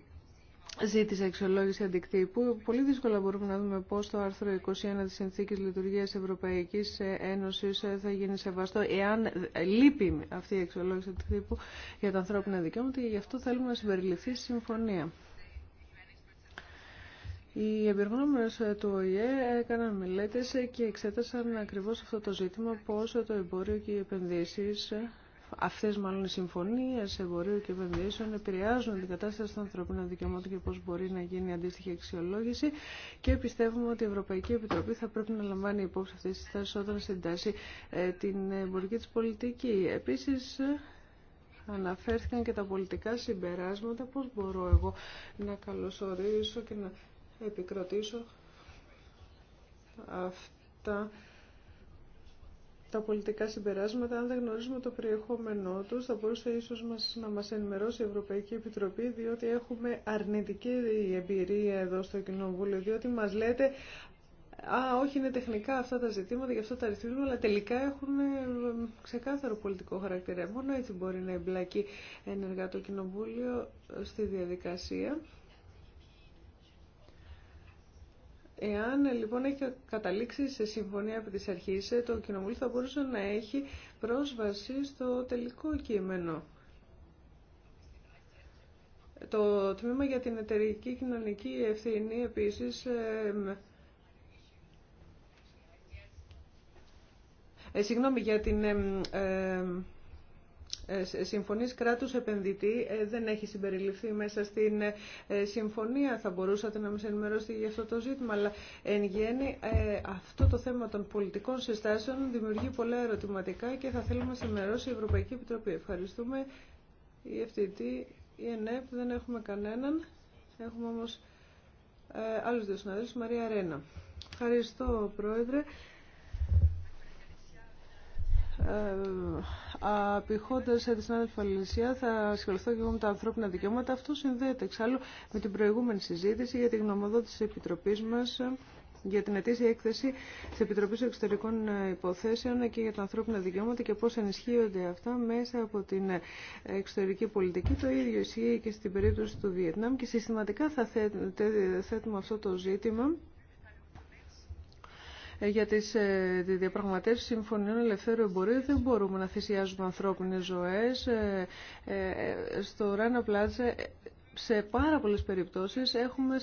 ζήτησε αξιολόγηση αντικτύπου. Πολύ δύσκολα μπορούμε να δούμε πώς το άρθρο 21 της Συνθήκης Λειτουργίας Ευρωπαϊκής Ένωσης θα γίνει σεβαστό εάν λείπει αυτή η αξιολόγηση αντικτύπου για τα ανθρώπινα δικαιώματα και γι' αυτό θέλουμε να συμπεριληφθεί στη συμφωνία. Οι εμπειρογνώμονε του ΟΗΕ έκαναν μελέτε και εξέτασαν ακριβώ αυτό το ζήτημα, πώ το εμπόριο και οι επενδύσει. Αυτές μάλλον οι συμφωνίες εμπορίου και επενδύσεων επηρεάζουν την κατάσταση των ανθρωπίνων δικαιωμάτων και πώς μπορεί να γίνει η αντίστοιχη αξιολόγηση και πιστεύουμε ότι η Ευρωπαϊκή Επιτροπή θα πρέπει να λαμβάνει υπόψη αυτές τις θέσεις όταν συντάσσει ε, την εμπορική της πολιτική. Επίσης, ε, αναφέρθηκαν και τα πολιτικά συμπεράσματα, πώς μπορώ εγώ να καλωσορίσω και να επικροτήσω αυτά τα πολιτικά συμπεράσματα, αν δεν γνωρίζουμε το περιεχόμενό του. θα μπορούσε ίσω μας, να μα ενημερώσει η Ευρωπαϊκή Επιτροπή, διότι έχουμε αρνητική εμπειρία εδώ στο Κοινοβούλιο, διότι μα λέτε Α, όχι, είναι τεχνικά αυτά τα ζητήματα, γι' αυτό τα ρυθμίζουμε, αλλά τελικά έχουν ε, ξεκάθαρο πολιτικό χαρακτήρα. Μόνο έτσι μπορεί να εμπλακεί ενεργά το Κοινοβούλιο στη διαδικασία. Εάν λοιπόν έχει καταλήξει σε συμφωνία από τις αρχές, ε, το κοινοβούλιο θα μπορούσε να έχει πρόσβαση στο τελικό κείμενο. Το τμήμα για την εταιρική κοινωνική ευθύνη επίσης ε, ε συγγνώμη για την ε, ε, συμφωνή κράτους επενδυτή ε, δεν έχει συμπεριληφθεί μέσα στην ε, συμφωνία. Θα μπορούσατε να μας ενημερώσετε για αυτό το ζήτημα, αλλά εν γέννη αυτό το θέμα των πολιτικών συστάσεων δημιουργεί πολλά ερωτηματικά και θα θέλουμε να ενημερώσει η Ευρωπαϊκή Επιτροπή. Ευχαριστούμε. Η FTT, η ΕΝΕΠ, δεν έχουμε κανέναν. Έχουμε όμως ε, δύο συναδέλφους, Μαρία Ρένα. Ευχαριστώ, Πρόεδρε. Ε, σε την συνάδελφα Λυσία, θα ασχοληθώ και εγώ με τα ανθρώπινα δικαιώματα. Αυτό συνδέεται εξάλλου με την προηγούμενη συζήτηση για τη γνωμοδότηση τη Επιτροπή μα για την ετήσια έκθεση τη Επιτροπή Εξωτερικών Υποθέσεων και για τα ανθρώπινα δικαιώματα και πώ ενισχύονται αυτά μέσα από την εξωτερική πολιτική. Το ίδιο ισχύει και στην περίπτωση του Βιετνάμ και συστηματικά θα θέτουμε αυτό το ζήτημα ε, για ε, τις διαπραγματεύσεις συμφωνιών ελευθέρου εμπορίου δεν μπορούμε να θυσιάζουμε ανθρώπινες ζωές. Ε, στο Ράνα Πλάτσε σε πάρα πολλές περιπτώσεις έχουμε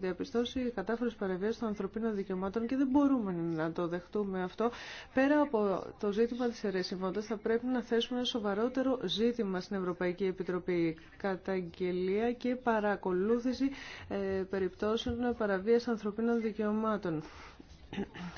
διαπιστώσει κατάφορες παρεμβίες των ανθρωπίνων δικαιωμάτων και δεν μπορούμε να το δεχτούμε αυτό. Πέρα από το ζήτημα της αιρεσιμότητας θα πρέπει να θέσουμε ένα σοβαρότερο ζήτημα στην Ευρωπαϊκή Επιτροπή. Καταγγελία και παρακολούθηση περιπτώσεων παραβίας ανθρωπίνων δικαιωμάτων.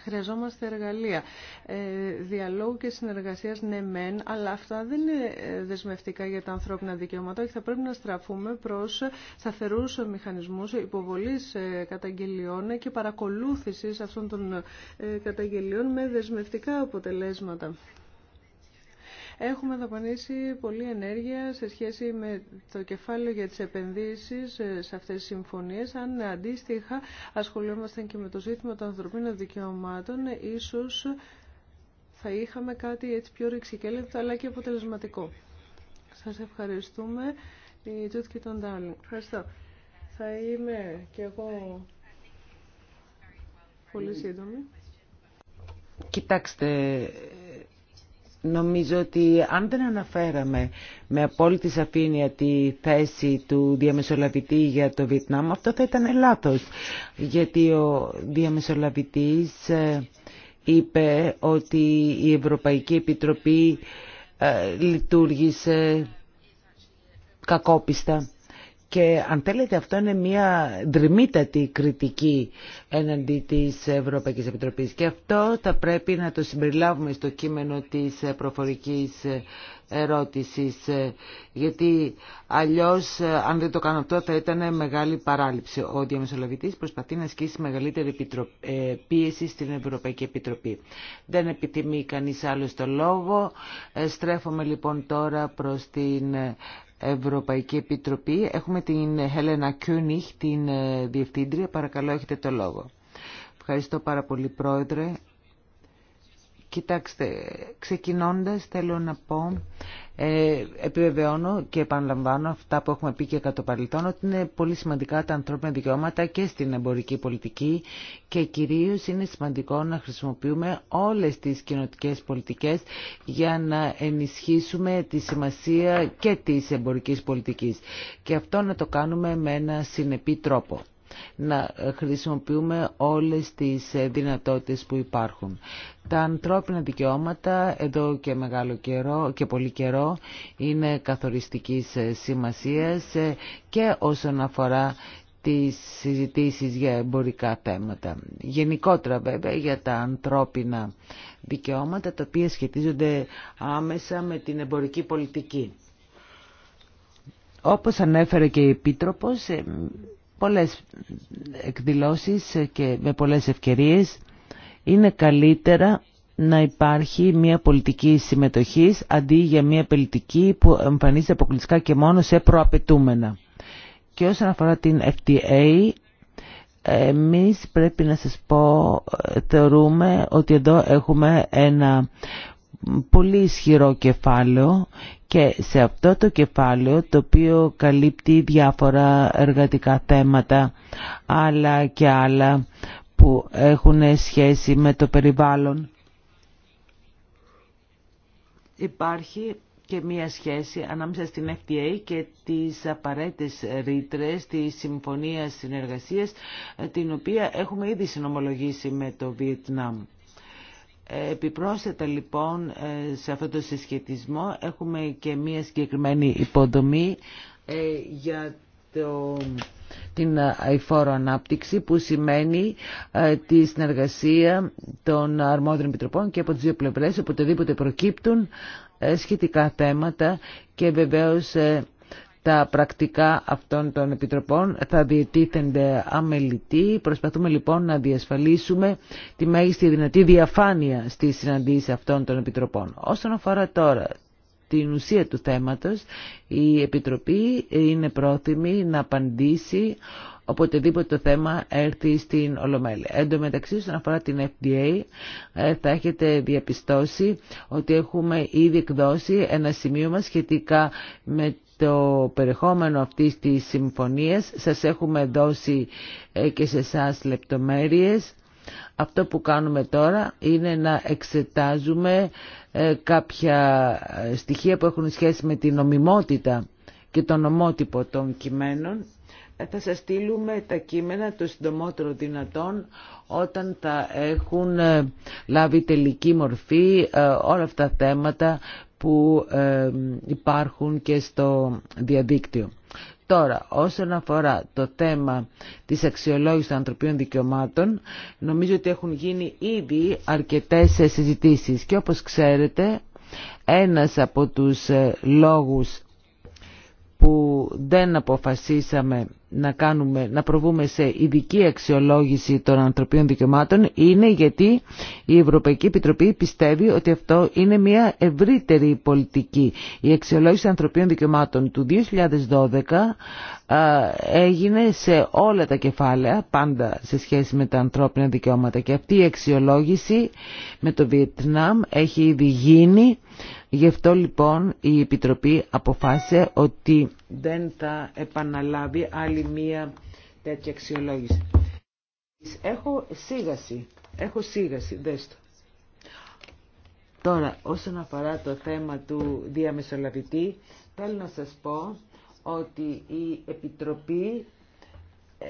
Χρειαζόμαστε εργαλεία ε, διαλόγου και συνεργασίας ναι μεν, αλλά αυτά δεν είναι ε, δεσμευτικά για τα ανθρώπινα δικαιώματα και θα πρέπει να στραφούμε προς σταθερούς μηχανισμούς υποβολής ε, καταγγελιών και παρακολούθησης αυτών των καταγγελιών με δεσμευτικά αποτελέσματα. Έχουμε δαπανίσει πολλή ενέργεια σε σχέση με το κεφάλαιο για τις επενδύσεις ε, σε αυτές τις συμφωνίες. Αν αντίστοιχα ασχολούμαστε και με το ζήτημα των ανθρωπίνων δικαιωμάτων, ίσως θα είχαμε κάτι έτσι πιο ρηξικέλεπτο αλλά και αποτελεσματικό. Σας ευχαριστούμε. Η Τζούτ και τον Ντάρλινγκ. Ευχαριστώ. Θα είμαι και εγώ πολύ σύντομη. Κοιτάξτε, Νομίζω ότι αν δεν αναφέραμε με απόλυτη σαφήνεια τη θέση του διαμεσολαβητή για το Βιετνάμ, αυτό θα ήταν λάθος. Γιατί ο διαμεσολαβητής ε, είπε ότι η Ευρωπαϊκή Επιτροπή ε, λειτουργήσε κακόπιστα. Και αν θέλετε αυτό είναι μια δρυμύτατη κριτική έναντι της Ευρωπαϊκής Επιτροπής και αυτό θα πρέπει να το συμπεριλάβουμε στο κείμενο της προφορικής ερώτησης γιατί αλλιώς αν δεν το κάνω αυτό θα ήταν μεγάλη παράληψη. Ο διαμεσολαβητής προσπαθεί να ασκήσει μεγαλύτερη ε, πίεση στην Ευρωπαϊκή Επιτροπή. Δεν επιτιμεί κανείς άλλο το λόγο. Ε, στρέφομαι λοιπόν τώρα προς την Ευρωπαϊκή Επιτροπή. Έχουμε την Χέλενα Κιούνιχ, την ε, Διευθύντρια. Παρακαλώ, έχετε το λόγο. Ευχαριστώ πάρα πολύ, Πρόεδρε. Κοιτάξτε, ξεκινώντας θέλω να πω, ε, επιβεβαιώνω και επαναλαμβάνω αυτά που έχουμε πει και κατά παρελθόν, ότι είναι πολύ σημαντικά τα ανθρώπινα δικαιώματα και στην εμπορική πολιτική και κυρίως είναι σημαντικό να χρησιμοποιούμε όλες τις κοινοτικές πολιτικές για να ενισχύσουμε τη σημασία και της εμπορικής πολιτικής. Και αυτό να το κάνουμε με ένα συνεπή τρόπο να χρησιμοποιούμε όλες τις ε, δυνατότητες που υπάρχουν. Τα ανθρώπινα δικαιώματα εδώ και μεγάλο καιρό και πολύ καιρό είναι καθοριστικής ε, σημασίας ε, και όσον αφορά τις συζητήσεις για εμπορικά θέματα. Γενικότερα βέβαια για τα ανθρώπινα δικαιώματα τα οποία σχετίζονται άμεσα με την εμπορική πολιτική. Όπως ανέφερε και η Επίτροπος, πολλές εκδηλώσεις και με πολλές ευκαιρίες είναι καλύτερα να υπάρχει μια πολιτική συμμετοχής αντί για μια πολιτική που εμφανίζεται αποκλειστικά και μόνο σε προαπαιτούμενα. Και όσον αφορά την FTA, εμείς πρέπει να σας πω, ε, θεωρούμε ότι εδώ έχουμε ένα πολύ ισχυρό κεφάλαιο και σε αυτό το κεφάλαιο το οποίο καλύπτει διάφορα εργατικά θέματα αλλά και άλλα που έχουν σχέση με το περιβάλλον. Υπάρχει και μία σχέση ανάμεσα στην FDA και τις απαραίτητες ρήτρε τη Συμφωνία Συνεργασίας την οποία έχουμε ήδη συνομολογήσει με το Βιετνάμ. Επιπρόσθετα λοιπόν ε, σε αυτό το συσχετισμό έχουμε και μία συγκεκριμένη υποδομή ε, για το, την αηφόρο ανάπτυξη που σημαίνει ε, τη συνεργασία των αρμόδιων επιτροπών και από τις δύο πλευρές οποτεδήποτε προκύπτουν σχετικά θέματα και βεβαίως τα πρακτικά αυτών των επιτροπών θα διετίθενται αμελητή. Προσπαθούμε λοιπόν να διασφαλίσουμε τη μέγιστη δυνατή διαφάνεια στη συναντήση αυτών των επιτροπών. Όσον αφορά τώρα την ουσία του θέματος, η Επιτροπή είναι πρόθυμη να απαντήσει οποτεδήποτε το θέμα έρθει στην Ολομέλη. Εν τω μεταξύ, όσον αφορά την FDA, ε, θα έχετε διαπιστώσει ότι έχουμε ήδη εκδώσει ένα σημείο σχετικά με το περιεχόμενο αυτής της συμφωνίας. Σας έχουμε δώσει ε, και σε εσά λεπτομέρειες. Αυτό που κάνουμε τώρα είναι να εξετάζουμε ε, κάποια ε, στοιχεία που έχουν σχέση με την νομιμότητα και τον ομότυπο των κειμένων. Θα σας στείλουμε τα κείμενα το συντομότερο δυνατόν όταν θα έχουν λάβει τελική μορφή όλα αυτά τα θέματα που υπάρχουν και στο διαδίκτυο. Τώρα, όσον αφορά το θέμα της αξιολόγησης των ανθρωπίνων δικαιωμάτων, νομίζω ότι έχουν γίνει ήδη αρκετές συζητήσεις και όπως ξέρετε, ένας από τους ε, λόγους που δεν αποφασίσαμε να, κάνουμε, να προβούμε σε ειδική αξιολόγηση των ανθρωπίνων δικαιωμάτων είναι γιατί η Ευρωπαϊκή Επιτροπή πιστεύει ότι αυτό είναι μια ευρύτερη πολιτική. Η αξιολόγηση των ανθρωπίνων δικαιωμάτων του 2012 έγινε σε όλα τα κεφάλαια, πάντα σε σχέση με τα ανθρώπινα δικαιώματα. Και αυτή η αξιολόγηση με το Βιετνάμ έχει ήδη γίνει. Γι' αυτό λοιπόν η Επιτροπή αποφάσισε ότι δεν θα επαναλάβει μία τέτοια αξιολόγηση. Έχω σίγαση. Έχω σίγαση. Δες το. Τώρα, όσον αφορά το θέμα του διαμεσολαβητή, θέλω να σας πω ότι η Επιτροπή ε,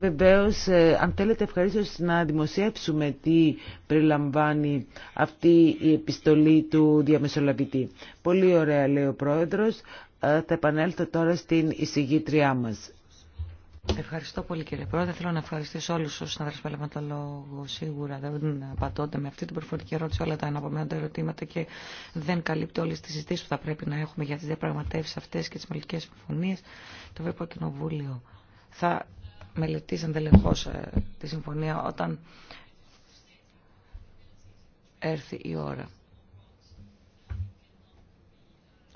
Βεβαίως, ε, αν θέλετε ευχαρίστως να δημοσιεύσουμε τι περιλαμβάνει αυτή η επιστολή του διαμεσολαβητή. Πολύ ωραία λέει ο Πρόεδρος. Ε, θα επανέλθω τώρα στην εισηγήτριά μας. Ευχαριστώ πολύ κύριε Πρόεδρε. Θέλω να ευχαριστήσω όλους όσους να που έλαβαν Σίγουρα δεν απαντώνται με αυτή την προφορική ερώτηση όλα τα αναπομένοντα ερωτήματα και δεν καλύπτει όλες τις συζητήσεις που θα πρέπει να έχουμε για τις διαπραγματεύσεις αυτές και τις μελικές συμφωνίες. Το Ευρωπαϊκό Κοινοβούλιο θα μελετήσαντε ε, τη συμφωνία όταν έρθει η ώρα.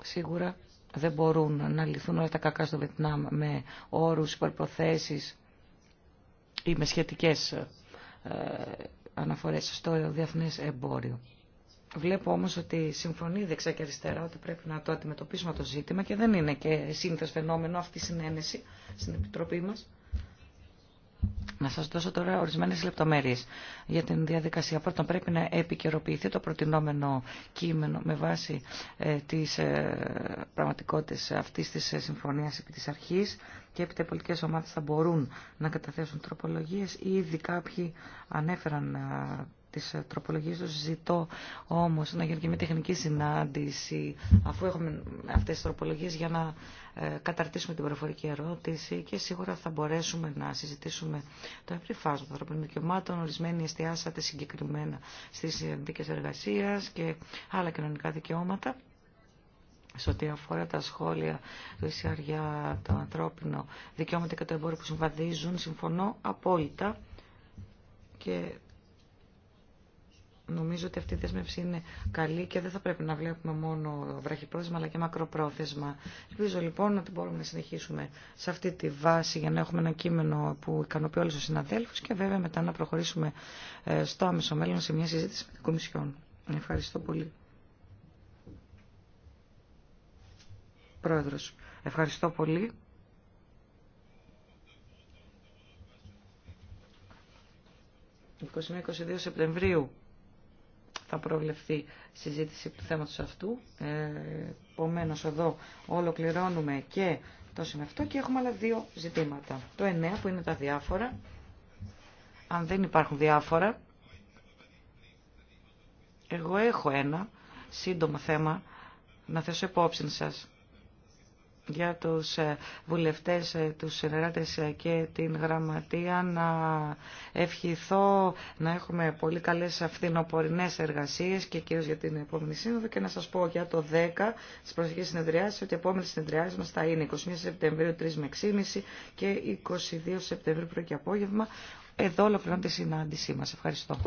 Σίγουρα δεν μπορούν να λυθούν όλα τα κακά στο Βιετνάμ με όρους, υπερπροθέσεις ή με σχετικές ε, αναφορές στο διεθνές εμπόριο. Βλέπω όμως ότι συμφωνεί δεξιά και αριστερά ότι πρέπει να το αντιμετωπίσουμε το ζήτημα και δεν είναι και σύνθεση φαινόμενο αυτή η συνένεση στην Επιτροπή μας. Να σας δώσω τώρα ορισμένες λεπτομέρειες για την διαδικασία. Πρώτον, πρέπει να επικαιροποιηθεί το προτινόμενο κείμενο με βάση ε, τις ε, πραγματικότητες αυτής της ε, συμφωνίας επί της αρχής και επί οι πολιτικές ομάδες θα μπορούν να καταθέσουν τροπολογίες ή ήδη κάποιοι ανέφεραν ε, Τη ε, τροπολογία του Ζητώ όμως να γίνει και μια τεχνική συνάντηση, αφού έχουμε αυτές τις τροπολογίες, για να ε, καταρτήσουμε την προφορική ερώτηση και σίγουρα θα μπορέσουμε να συζητήσουμε το ευρύ φάσμα των ανθρωπίνων δικαιωμάτων. Ορισμένοι εστιάσατε συγκεκριμένα στι συνθήκες εργασία και άλλα κοινωνικά δικαιώματα σε ό,τι αφορά τα σχόλια του ΕΣΥΑΡ για το ανθρώπινο δικαιώματα και το εμπόριο που συμβαδίζουν, συμφωνώ απόλυτα και Νομίζω ότι αυτή η δέσμευση είναι καλή και δεν θα πρέπει να βλέπουμε μόνο βραχυπρόθεσμα αλλά και μακροπρόθεσμα. Ελπίζω λοιπόν ότι μπορούμε να συνεχίσουμε σε αυτή τη βάση για να έχουμε ένα κείμενο που ικανοποιεί όλου του συναδέλφου και βέβαια μετά να προχωρήσουμε ε, στο άμεσο μέλλον σε μια συζήτηση με την Κομισιόν. Ευχαριστώ πολύ. Πρόεδρος, ευχαριστώ πολύ. 21-22 Σεπτεμβρίου θα προβλεφθεί συζήτηση του θέματος αυτού. Ε, Επομένω εδώ ολοκληρώνουμε και το σημευτό και έχουμε άλλα δύο ζητήματα. Το εννέα που είναι τα διάφορα. Αν δεν υπάρχουν διάφορα, εγώ έχω ένα σύντομο θέμα να θέσω υπόψη σας για τους ε, βουλευτές, ε, τους συνεργάτες ε, και την γραμματεία να ευχηθώ να έχουμε πολύ καλές αυθινοπορεινές εργασίες και κυρίως για την επόμενη σύνοδο και να σας πω για το 10 της προσεχής Συνεδρίασης, ότι η επόμενη Συνεδρίαση μας θα είναι 21 Σεπτεμβρίου 3 με 6.30 και 22 Σεπτεμβρίου πρωί και απόγευμα. Εδώ ολοκληρώνω η συνάντησή μας. Ευχαριστώ.